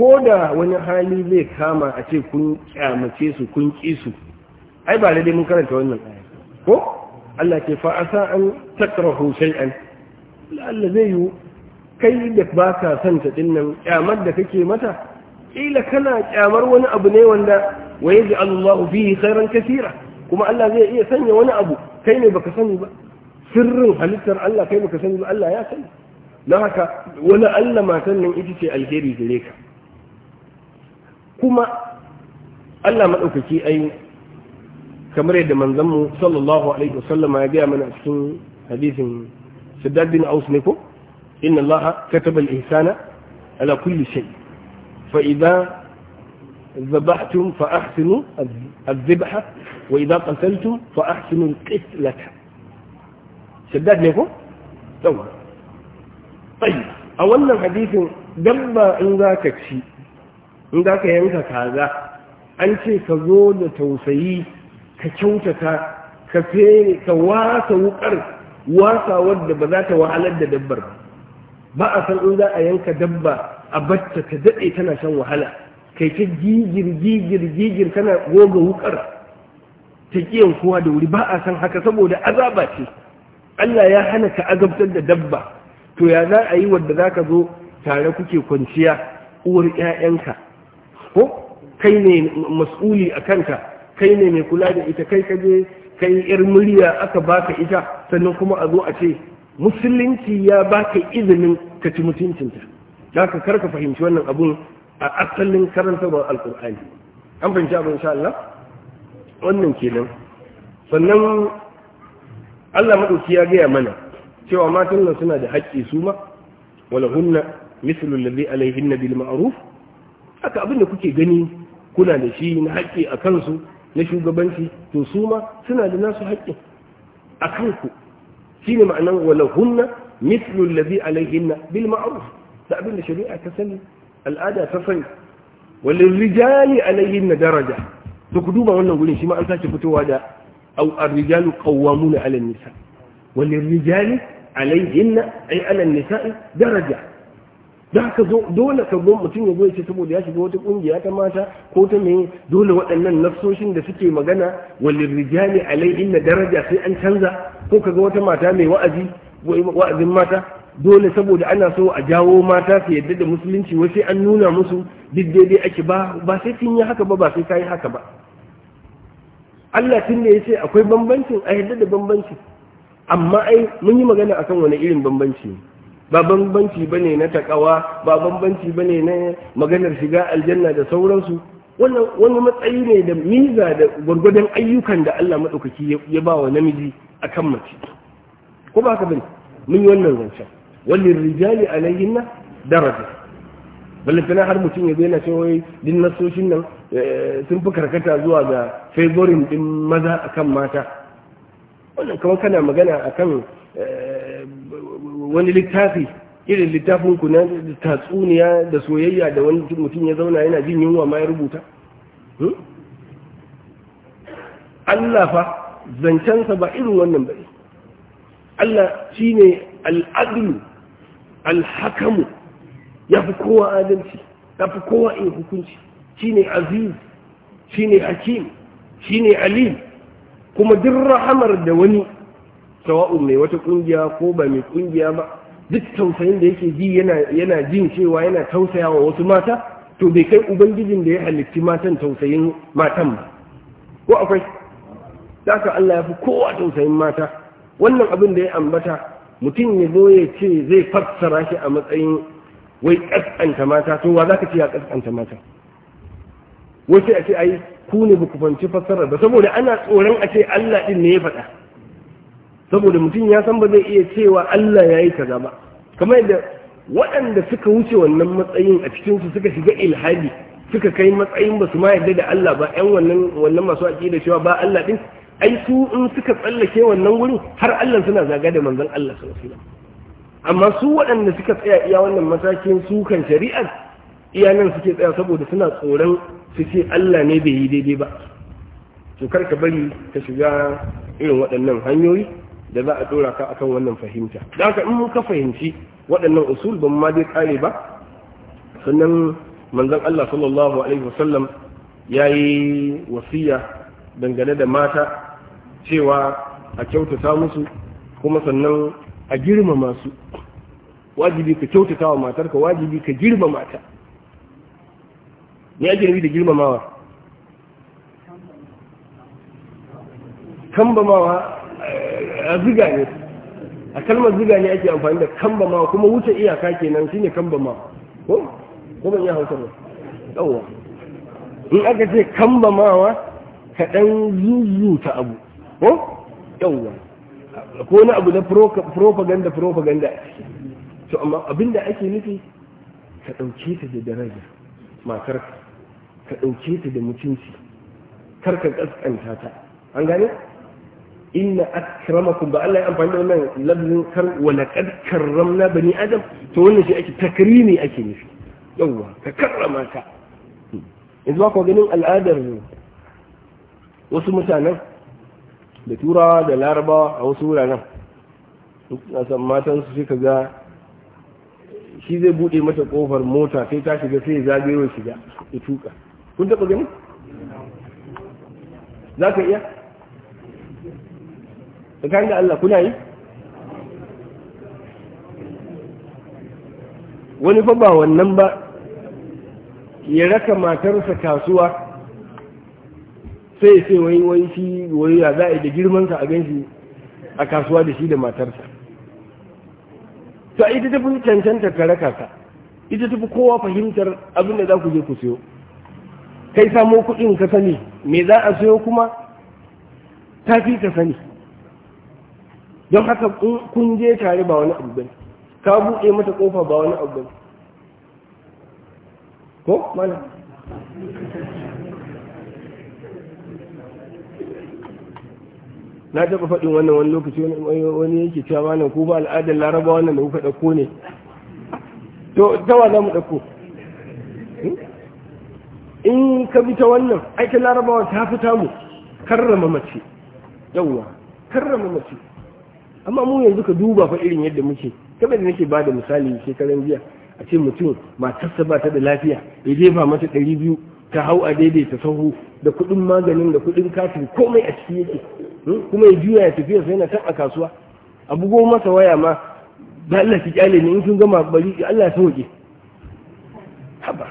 ko da wani hali zai kama a ce kun kyamace su kun ƙi su ai ba da mun karanta wannan aya ko Allah ke fa asa an takrahu shay'an Allah zai yi kai da ba ka son ta dinnan kyamar da kake mata kila kana kyamar wani abu ne wanda wa yaji Allahu fihi khairan kaseera kuma Allah zai iya sanya wani abu kai ne baka sani ba sirrin halittar Allah kai baka sani ba Allah ya sani don haka wani Allah matan nan ita ce alheri gare ka kuma Allah maɗaukaki ai kamar yadda manzanmu sallallahu alaihi wasallama ya gaya mana a cikin hadisin Saddad bin Aus ne ko inna Allah kataba al-ihsana ala kulli shay fa idza ذبحتم فأحسنوا الذبحة وإذا قتلتم فأحسنوا القتلة شداد لكم طبعا طيب أولا حديث دبا إن ذاك شيء in za ka yanka kaza an ce ka zo da tausayi ka kyautata ka fere ka wasa wukar wasa wadda ba za ta wahalar da dabbar ba ba a san in za a yanka dabba a bacca ta daɗe tana shan wahala kai ta gigir gigir gigir kana goga wukar ta kiyan kowa da wuri ba a san haka saboda azaba ce Allah ya hana ka azabtar da dabba to ya za a yi wadda za ka zo tare kuke kwanciya uwar 'ya'yanka ko kai ne mas'uli a kanka kai ne mai kula da ita kai kaje kai yar murya aka baka ita sannan kuma a zo a ce musulunci ya baka izinin ka ci mutuncinta da ka karka fahimci wannan abun a asalin karantarwar alkur'ani an fahimci abin insha Allah wannan kenan sannan Allah madauki ya gaya mana cewa matan nan suna da haƙƙi su ma wala mislu alladhi alaihinna bil ma'ruf haka abin da kuke gani kuna da shi na haƙƙi a kansu na shugabanci to su ma suna da nasu haƙƙi a kanku shi ne ma'anan hunna mislu allazi alaihinna bil ma'ruf da abin da shari'a ta sani al'ada ta sani walil rijali alaihinna daraja to ku duba wannan gurin shi ma an sace fitowa da au ar-rijalu qawwamuna 'ala an-nisa walil rijali alaihinna ay 'ala an-nisa'i daraja da ka zo dole ka zo mutum ya zo ya ce saboda ya shiga wata kungiya ta mata ko ta me dole waɗannan nafsoshin da suke magana walil rijali na daraja sai an canza ko ka ga wata mata mai wa'azi wa'azin mata dole saboda ana so a jawo mata su yadda da musulunci wai sai an nuna musu duk daidai ake ba ba sai kin yi haka ba ba sai ka yi haka ba Allah tun ya ce akwai bambancin a yadda da bambanci amma ai mun yi magana akan wani irin bambanci ba bambanci bane na takawa ba bambanci bane na maganar shiga aljanna da sauransu wannan wani matsayi ne da miza da gwargwadon ayyukan da Allah maɗaukaki ya ba wa namiji akan mace ko ba ka bane mun yi wannan zancen wallin rijali na daraja ballantana har mutum ya yana cewa din nasoshin nan eh, sun fi karkata zuwa ga favorin din maza akan mata wannan kamar kana magana akan eh, wani littafi irin littafin ku na tatsuniya da soyayya da wani mutum ya zauna yana jin yunwa ma ya rubuta hmm? Allah fa zancensa ba irin wannan bane Allah shine al-adl al-hakamu fi kowa adalci ya fi kowa in hukunci shine aziz shine hakim shine alim kuma duk rahamar da wani sawa'un mai wata kungiya ko ba mai kungiya ba duk tausayin da yake ji yana jin cewa yana tausaya wa wasu mata to bai kai ubangijin da ya halitti matan tausayin matan ba ko akwai haka Allah ya fi kowa tausayin mata wannan abin da ya ambata mutum ya zo ya ce zai fassara shi a matsayin wai kaskanta mata to wa zaka ce ya kaskanta mata wace a ce ai ku ne ba ku fanci fassara ba saboda ana tsoron a ce Allah din ne ya faɗa saboda mutum ya san ba zai iya cewa Allah ya yi kaza ba kamar yadda waɗanda suka wuce wannan matsayin a cikinsu suka shiga ilhadi suka kai matsayin ba su ma yadda da Allah ba ƴan wannan wannan masu aƙida cewa ba Allah din ai su in suka tsallake wannan wurin har Allah suna zaga da manzon Allah sallallahu alaihi wasallam amma su waɗanda suka tsaya iya wannan matakin sukan shari'ar iya nan suke tsaya saboda suna tsoron su ce Allah ne bai yi daidai ba to kar ka bari ka shiga irin waɗannan hanyoyi da za a dora ka akan wannan fahimta da haka in ka fahimci waɗannan usul ban ma dai kare ba sannan manzon Allah sallallahu alaihi wasallam yayi wasiya dangane da mata cewa a kyautata musu kuma sannan a girmama su wajibi ka kyautata wa matarka wajibi ka girmama ta ne ake nufi da girmamawa kambamawa ziga ne a kalmar ziga ne ake amfani da kamba ma kuma wuce iyaka kenan shine kamba ma ko ko ban iya hausa ba yawa in aka ce kamba mawa ka dan zuzuta abu ko yawa ko wani abu na propaganda propaganda to amma abinda ake nufi ka dauke ta da daraja matar ka dauke ta da mutunci kar ka kaskanta ta an gane inna akramakum ba Allah ya amfani da wannan lafzin kar wa laqad karramna bani adam to wannan shi ake takrimi ake nufi yawa ka karrama ka yanzu ba ku ganin al'adar wasu mutanen da tura da laraba a wasu wuraren a san matan su suka ga shi zai bude mata kofar mota sai ta shiga sai zagayo shiga ya tuka kun taba gani za ka iya tsakanin da Allah kuna yi wani fa ba wannan ba ya raka matarsa kasuwa sai sai wani wani shi wani ya za a da girmansa a ganshi a kasuwa da shi da matarsa to ita tafi cancanta ka raka ka ita tafi kowa fahimtar abin da za ku je ku siyo kai samo kuɗin ka sani me za a siyo kuma ta fi ka sani don haka kun je tare ba wani abu bane ka buɗe mata kofa ba wani abu bane ko mana na taɓa faɗin wannan wani lokaci wani yake cewa nan ko ba al'adar laraba wannan da kuka ɗauko ne to tawa za mu ɗauko in ka bi ta wannan aiki larabawa ta fi tamu karrama mace yauwa karrama mace amma mu yanzu ka duba fa irin yadda muke kamar da nake bada misali shekaran jiya a ce mutum matarsa ba ta da lafiya ya jefa mata ɗari biyu ta hau a daidaita sahu da kuɗin maganin da kuɗin katin komai a ciki yake hmm? kuma ya juya ya tafiya sai na san a kasuwa a bugo masa waya ma da Allah ki kyale ni in kin gama bari Allah ya sauke haba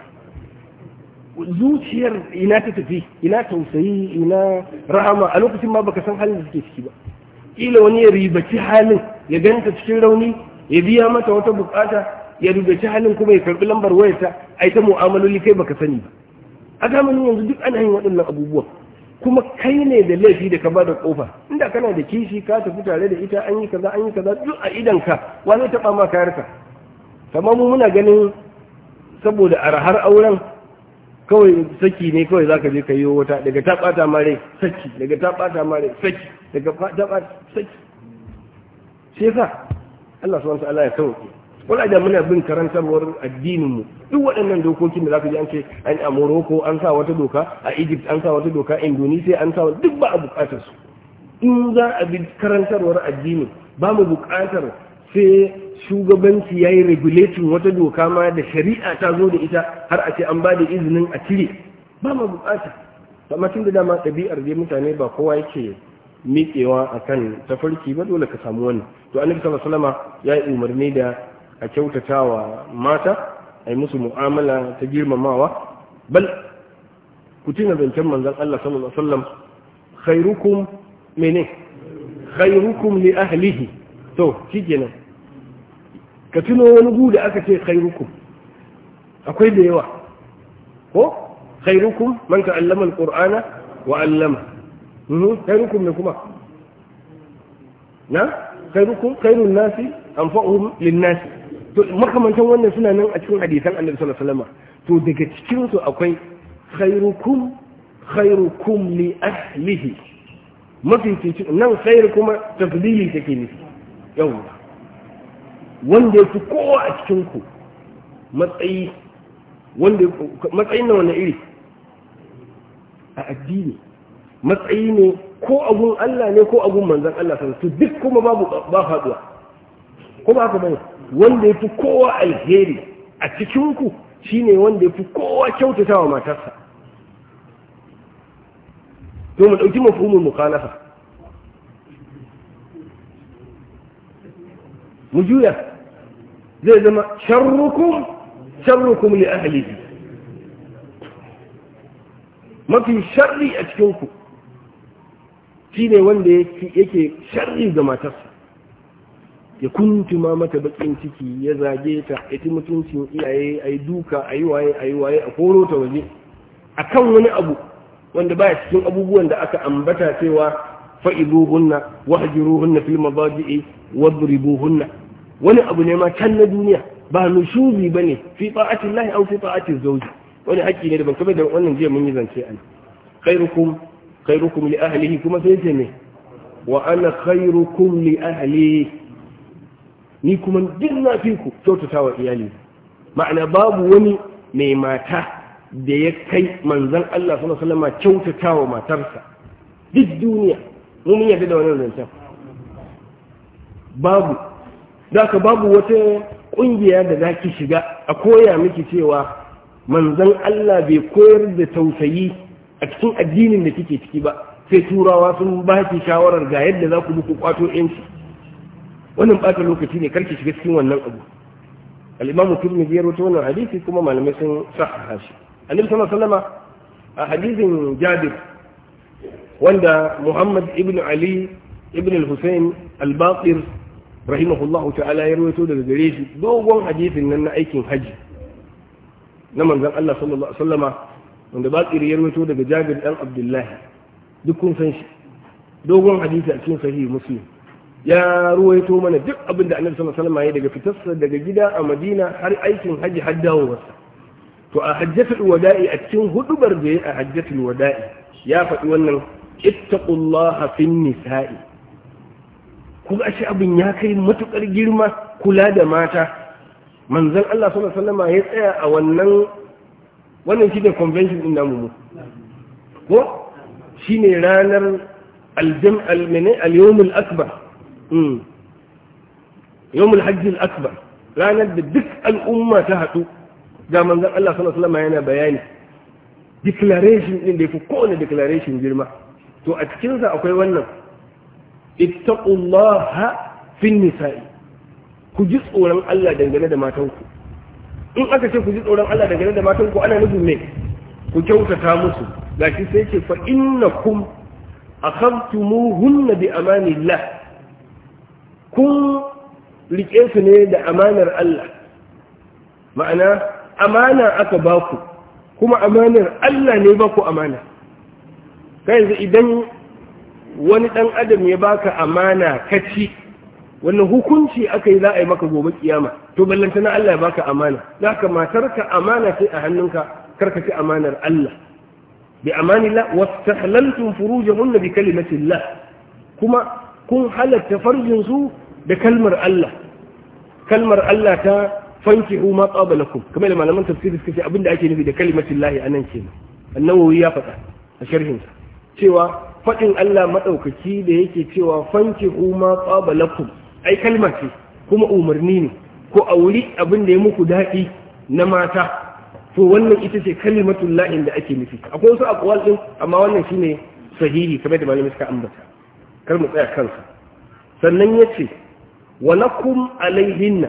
zuciyar ina ta tafi ina tausayi ina rahama a lokacin ma baka san halin da suke ciki ba kila wani ya ribaci halin ya ganta cikin rauni ya biya mata wata bukata ya ribaci halin kuma ya karbi lambar wayarta ai ta mu'amaloli kai baka sani ba a zamanin yanzu duk ana yin waɗannan abubuwan kuma kai ne da laifi da ka bada kofa inda kana da kishi ka tafi tare da ita an yi kaza an yi kaza duk a idan ka wani zai ma kayarka kamar mu muna ganin saboda arhar auren kawai saki ne kawai zaka je ka yi wata daga ta ma mare saki daga ta ma mare saki daga dabar sai shi Allah subhanahu ta'ala ya sauke wala da muna bin karantarwar addinin mu duk waɗannan dokokin da zaka ji an ce an a Morocco an sa wata doka a Egypt an sa wata doka Indonesia an sa duk ba a bukatar su in za a bi karantarwar addini ba mu bukatar sai shugabanci ya yi wata doka ma da shari'a ta zo da ita har a ce an ba da izinin a cire ba mu buƙata. amma tun da dama ɗabi'ar dai mutane ba kowa yake miƙewa akan tafarki ba dole ka samu wani. to an sallallahu alaihi ya yi umarni da a kyautata wa mata a yi musu mu'amala ta girmamawa bal ku tuna zancen manzan Allah sallallahu alaihi khairukum mene khairukum li ahlihi to kenan ka tuno wani gudu aka ce khairukum akwai da yawa ko khairukum man ta'allama alqur'ana wa 'allama Mhm. khairukum ne kuma na khairukum khairun nasi anfa'uhum lin-nasi to makamantan wannan suna nan a cikin hadisan Annabi sallallahu alaihi wasallam to daga cikin su akwai khairukum khairukum li ahlihi mafi cikin nan khair kuma tafdili take ne yawa wanda yafi kowa a cikin ku matsayi wanda matsayin na wani iri a addini matsayi ne ko abun Allah ne ko abun manzan Allah sallallahu duk kuma babu ba faduwa kuma haka bane wanda yafi kowa alheri a cikinku ku shine wanda yafi kowa kyautata wa matarsa to mu dauki mafhumul mukhalafa mu juya zai zama sharrukum sharrukum li ahlihi mafi sharri a cikin ku shi ne wanda yake sharri ga matarsa ya kuntuma mata bakin ciki ya zage ta ya ci mutuncin iyaye a yi duka a yi waye a yi waye a koro ta waje a kan wani abu wanda baya cikin abubuwan da aka ambata cewa fa'ibuhunna wahjuruhunna fil mabaji'i wadribuhunna wani abu ne ma can na duniya ba nushubi ne fi ba'atin lahi an fi ba'atin zauji wani haƙƙi ne da ban kabe da wannan jiya mun yi zance an khairukum khairukum li ahlihi kuma sai ce me wa ana khairukum li ahli ni kuma na fi ku kyautata wa iyali ma'ana babu wani mai mata da ya kai manzon Allah sallallahu alaihi wasallam kyautata wa matarsa duk duniya mun yarda da wannan zancen babu zaka babu wata ƙungiya da zaki shiga a koya miki cewa manzon Allah bai koyar da tausayi a cikin addinin da kike ciki ba sai turawa sun ba ki shawarar ga yadda za ku ku kwato yanci wannan bata lokaci ne karki shiga cikin wannan abu al-imamu tirmidhi ya rawaito wannan hadisi kuma malamai sun sahaha shi annabi sallallahu alaihi wasallam a hadisin jabir wanda muhammad ibn ali ibn al-husayn al-baqir rahimahullahu ta'ala ya rawaito daga gare shi dogon hadisin nan na aikin haji na manzon Allah sallallahu alaihi wasallama wanda bakiri ya rawaito daga jabir dan abdullahi duk kun san shi dogon hadisi a cikin sahihi muslim ya ruwaito mana duk abin da annabi sallallahu alaihi wasallam ya daga fitarsa daga gida a madina har aikin haji har dawowarsa to a hajjatul wada'i a cikin hudubar da a hajjatul wada'i ya faɗi wannan ittaqullaha fin nisa'i ku ga shi abin ya kai matukar girma kula da mata manzon Allah sallallahu alaihi wasallam ya tsaya a wannan wannan shi ne convention ɗin namu ko shi ne ranar aljam alyomul akbar hmm. yomul hajjil akbar ranar da duk al'umma ta haɗu ga manzan Allah sallallahu alaihi yana bayani declaration ɗin da fi kowane declaration girma to a cikinsa akwai wannan ittaqullaha fin nisa'i ku ji tsoron Allah dangane da matanku in aka ce ku ji tsoron Allah daga da matan ku ana nufin me ku kyautata musu Ga shi sai ce fa innakum akhadtumuhunna bi amanillah kun rike su ne da amanar Allah ma'ana amana aka ba ku kuma amanar Allah ne ba ku amana kai yanzu idan wani dan adam ya baka amana kaci wannan hukunci aka yi za a yi maka gobe kiyama to ballanta na Allah ya baka amana za ka matarka amana sai a hannunka karka ci amanar Allah bi amanillah wastahlaltum furujahun bi kalimatillah kuma kun halatta farjin su da kalmar Allah kalmar Allah ta fankihu ma tsaba kamar da malaman tafsiri suka ce abinda ake nufi da kalimatillah anan kenan annawawi ya faɗa a sharhinsa cewa faɗin Allah maɗaukaki da yake cewa fanki ma tsaba ai kalma ce kuma umarni ne ko a wuri abin da ya muku daɗi na mata to wannan ita ce kalimatul la'in da ake nufi akwai wasu aqwal din amma wannan shine sahihi kamar da malamai suka ambata kar mu tsaya kansa sannan yace wa lakum alaihinna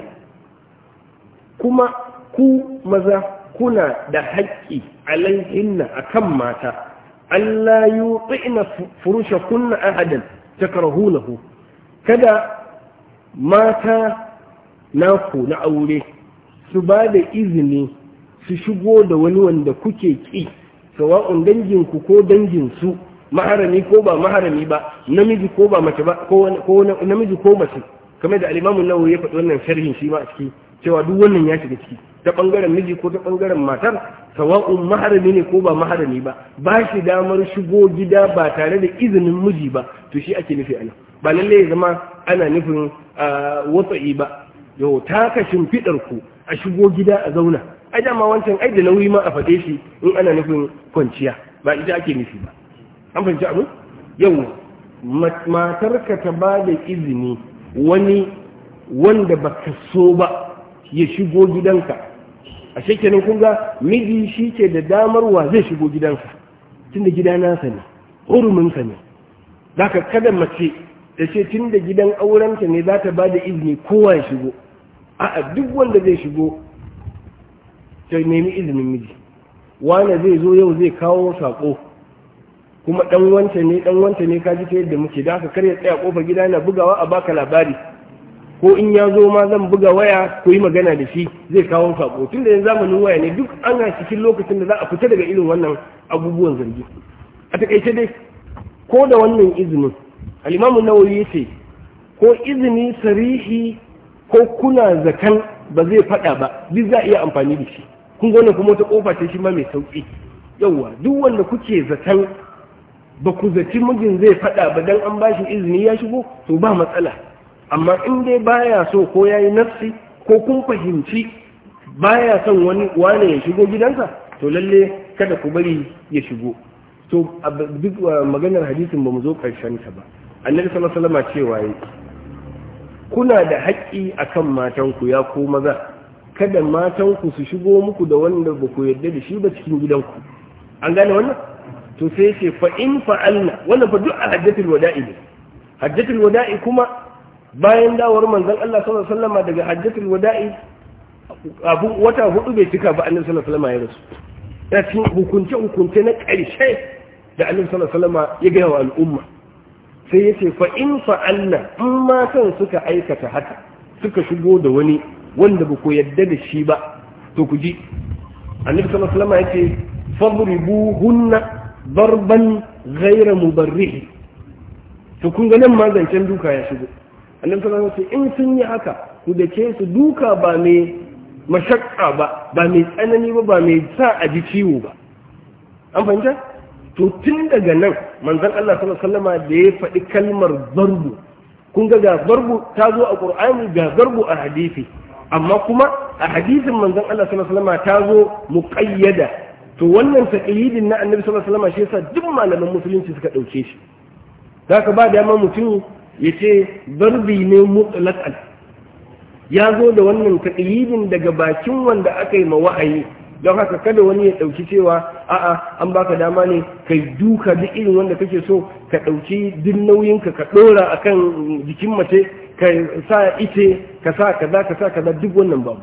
kuma ku maza kuna da haƙƙi alaihinna akan mata Allah yuqina furushakunna ahadan takrahunahu kada mata naku na aure su ba da izini su shigo da wani wanda kuke ƙi sawa'un danginku ko danginsu maharami ko ba maharami ba namiji ko ba mace ba ko namiji ko mace kamar da alimamun nawo ya faɗi wannan sharhin shi ma a ciki cewa duk wannan ya shiga ciki ta ɓangaren miji ko ta ɓangaren matar sawa'un maharami ne ko ba maharami ba ba shi damar shigo gida ba tare da izinin miji ba to shi ake nufi a nan ba lallai ya zama ana nufin watsa'i ba yau taka shimfiɗar ku a shigo gida a zauna a dama wancan ai da nauyi ma a faɗe shi in ana nufin kwanciya ba ita ake nufi ba an fahimci abu yau matar ka ta ba da izini wani wanda ba ka so ba ya shigo gidanka a shekenin kunga miji shi ke da damar wa zai shigo gidanka tunda gida nasa ne huruminsa ne ka kada mace ta ce tun da gidan aurenta ne za ta ba da izini kowa ya shigo a duk wanda zai shigo ta nemi izinin miji wane zai zo yau zai kawo saƙo kuma ɗan wancan ne ɗan wancan ne ka ji ta yadda muke da aka karya tsaya kofar gida na bugawa a baka labari ko in ya zo ma zan buga waya ko yi magana da shi zai kawo saƙo tun da yanzu zamanin waya ne duk ana cikin lokacin da za a fita daga irin wannan abubuwan zargi a taƙaice dai ko da wannan izinin al'imamun nawawi ya ce ko izini sarihi ko kuna zakan ba zai faɗa ba duk za a iya amfani da shi kun gane kuma wata ƙofa ce shi ma mai sauƙi yawwa duk wanda kuke zakan ba ku zaci mijin zai faɗa ba don an bashi izini ya shigo to ba matsala amma in dai baya so ko yayi nafsi ko kun fahimci baya son wani wane ya shigo gidansa to lalle kada ku bari ya shigo to maganar hadisin ba mu zo karshen ta ba annabi sallallahu alaihi cewa yi kuna da haƙƙi akan matanku ya ko maza kada matanku su shigo muku da wanda ba ku yarda da shi ba cikin gidanku an gane wannan to sai ce fa in fa'alna wannan fa duk a hajjatul wada'i ne hajjatul wada'i kuma bayan dawar manzon Allah sallallahu alaihi wasallam daga hajjatul wada'i abu wata hudu bai cika ba annabi sallallahu alaihi wasallam ya rasu da cikin hukunce hukunce na ƙarshe da annabi sallallahu alaihi wasallam ya ga al'umma sai yace fa in fa'alna in matan suka aikata haka suka shigo da wani wanda ba ku yadda da shi ba to ku ji annabi sallallahu alaihi wasallam yace fadribuhunna darban ghayra mubarrih to kun ga nan ma duka ya shigo annabi sallallahu alaihi wasallam in sun yi haka ku dace su duka ba mai mashakka ba ba mai tsanani ba ba mai sa a ji ciwo ba an fahimta to tun daga nan manzon Allah sallallahu alaihi wasallama da ya faɗi kalmar zarbu kun ga ga zarbu ta zo a qur'ani ga zarbu a hadisi amma kuma a hadisin manzon Allah sallallahu alaihi wasallama ta zo muqayyada to wannan taqlidin na annabi sallallahu alaihi wasallama shi yasa duk malaman musulunci suka dauke shi zaka ba dama mutum ya ce zarbi ne mutlaqan ya zo da wannan taqyidin daga bakin wanda aka yi ma wa'ayi don haka kada wani ya ɗauki cewa a'a an baka dama ne ka duka duk irin wanda kake so ka ɗauki duk nauyin ka ɗora akan jikin mace ka sa ite ka sa kaza ka sa kaza duk wannan babu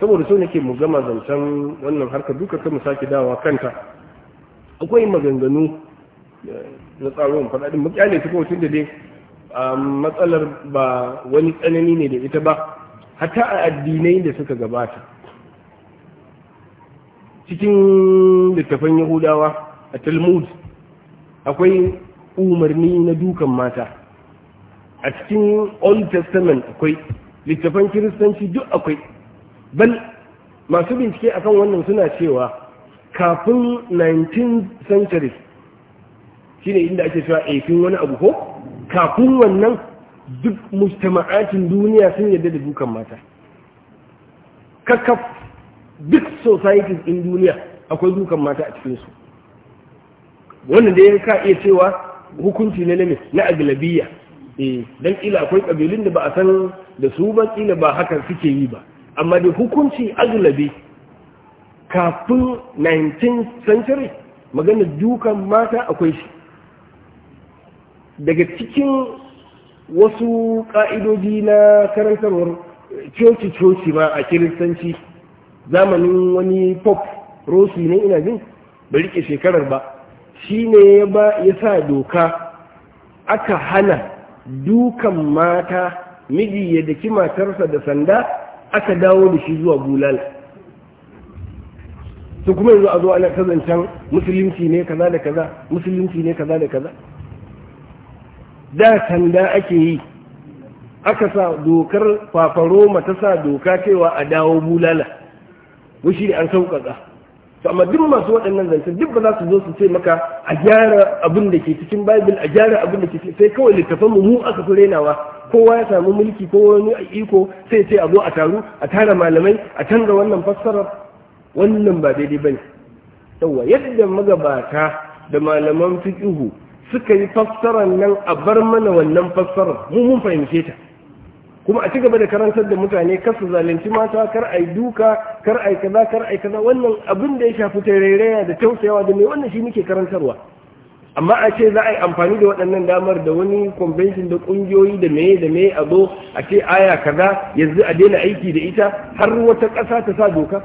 saboda so nake mu gama zancen wannan harka duka kuma saki sake dawa kanta akwai maganganu na tsaron faɗaɗin mu kyale su kawai da dai um, matsalar ba wani tsanani ne da ita ba hatta a addinai da suka gabata cikin littafan yahudawa a talmud akwai umarni na dukan mata a cikin old testament akwai littafan kiristanci duk akwai bal masu bincike akan wannan suna cewa kafin 19th century shine inda ake cewa aifin wani abu ko kafin wannan duk mujtama'atin duniya sun yadda da dukan mata kakaf duk societies in duniya akwai dukan mata a cikinsu wannan da ya ka cewa hukunci ne na na aglabiya eh dan kila akwai kabilun da ba a san da su ba kila ba haka suke yi ba amma da hukunci aglabi kafin 19th century maganar dukan mata akwai shi daga cikin wasu ka'idoji na karantarwar coci-coci ma a kiristanci zamanin wani pop rosi ne ina jin ba rike shekarar ba shi ne ya sa doka aka hana dukan mata miji ya daki matarsa da sanda aka dawo da shi zuwa bulal su kuma yanzu a zo ana kazancan musulunci ne kaza da kaza musulunci ne kaza da kaza da sanda ake yi aka sa dokar fafaroma ta sa doka cewa a dawo bulala wai shi ne an sauƙaƙa to amma duk masu waɗannan zancen duk ba za su zo su ce maka a gyara abin da ke cikin bible a gyara abin da ke cikin sai kawai littafan mu mu aka fi renawa kowa ya samu mulki ko wani a iko sai sai a zo a taru a tara malamai a canza wannan fassarar wannan ba daidai bane yawa yadda magabata da malaman fiqhu suka yi fassarar nan a bar mana wannan fassarar mu mun fahimce ta kuma a ci gaba da karantar da mutane kar su zalunci mata kar a yi duka kar a yi kaza kar a yi kaza wannan abin da ya shafi tarairaya da tausayawa da mai wannan shi muke karantarwa amma a ce za a yi amfani da waɗannan damar da wani convention da ƙungiyoyi da meye da meye a zo a ce aya kaza yanzu a daina aiki da ita har wata ƙasa ta sa doka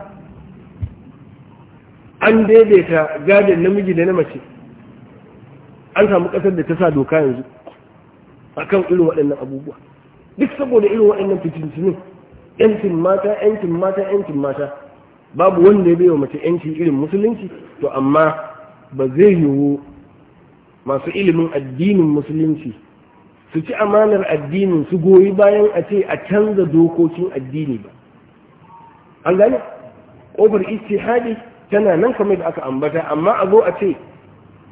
an daidaita gadin namiji da na mace an samu ƙasar da ta sa doka yanzu akan irin waɗannan abubuwa duk saboda irin waɗannan fitintunin yancin mata yancin mata yancin mata babu wanda ya bai wa mace yancin irin musulunci to amma ba zai yiwu masu ilimin addinin musulunci su ci amanar addinin su goyi bayan a ce a canza dokokin addini ba an gane ƙofar istihadi tana nan kamar da aka ambata amma a zo a ce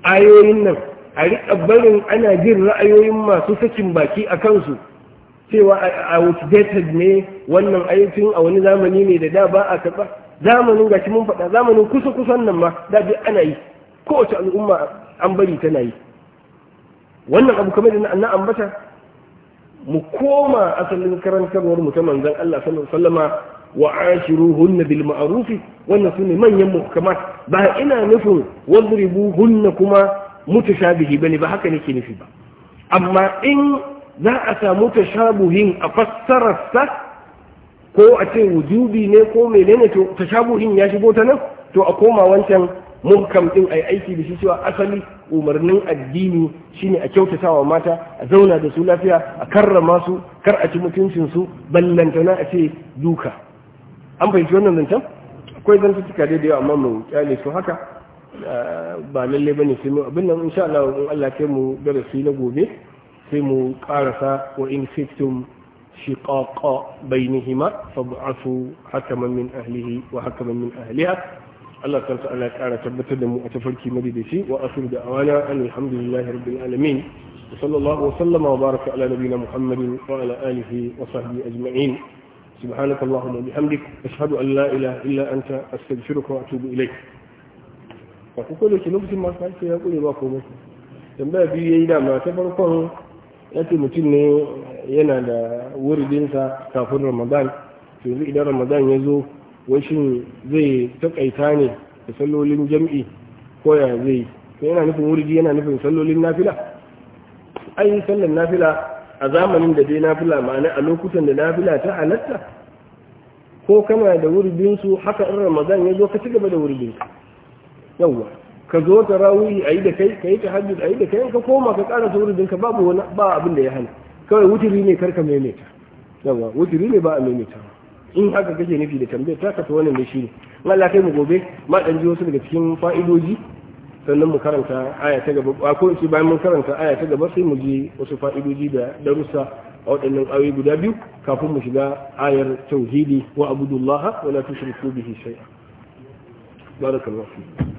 ayoyin nan a riƙa barin ana jin ra'ayoyin masu sakin baki a kansu cewa a outdated ne wannan aikin a wani zamani ne da da ba a karɓa zamanin gashi mun faɗa zamanin kusa kusan nan ma da dai ana yi kowace al'umma an bari tana yi wannan abu kamar da na ambata mu koma asalin karantarwar mu ta manzon Allah sallallahu alaihi wa ashiruhunna bil ma'ruf wannan sune manyan kamar. ba ina nufin wadribuhunna kuma mutashabihi bane ba haka nake nufi ba amma in za a samu ta shabuhin a fassararsa ko a ce wujubi ne ko menene to shabuhin ya shigo ta nan to a koma wancan muhkam din ai aiki da shi cewa asali umarnin addini shine a kyautata wa mata a zauna da su lafiya a karrama su kar a ci mutuncin su ballantana a ce duka an fahimci wannan zancen akwai zantuttuka dai da yawa amma mu kyale su haka ba lalle bane sai mu abin nan insha Allah in Allah kai mu darasi na gobe قسموا قارثا وإن خفتم شقاقا بينهما فابعثوا حكما من أهله وحكما من أهلها الله تعالى على قارثا بتدم أتفلكي مديدتي وأصل دعوانا أن الحمد لله رب العالمين وصلى الله وسلم وبارك على نبينا محمد وعلى آله وصحبه أجمعين سبحانك اللهم وبحمدك أشهد أن لا إله إلا أنت أستغفرك وأتوب إليك فكل كلمة ما سمعت يقول الله تنبأ بي إلى ما تبركه ya mutum ne yana da wuridinsa kafin ramadan yanzu idan ramadan ya zo washin zai takaita ne da sallolin jam'i ko ya zai to yana nufin wuridi yana nufin sallolin nafila ai sallan nafila a zamanin da dai nafila ma'ana a lokutan da nafila ta halatta ko kana da wuridinsu haka in ramadan ya zo ka ci gaba da wuridinsu yawwa ka zo ta rawuyi a yi da kai ka yi ta hajji a yi da kai ka koma ka ƙara saurin ka babu wani ba abin da ya hana kawai wuturi ne karka maimaita yawa wuturi ne ba a maimaita in haka kake nufi da tambayar ta kafa wannan ne shi ne Allah kai mu gobe ma dan ji wasu daga cikin fa'idoji sannan mu karanta aya ta gaba a ko shi bayan mun karanta aya ta gaba sai mu ji wasu fa'idoji da darussa a waɗannan ayoyi guda biyu kafin mu shiga ayar tauhidi wa abudullaha wa la tushriku bihi shay'a barakallahu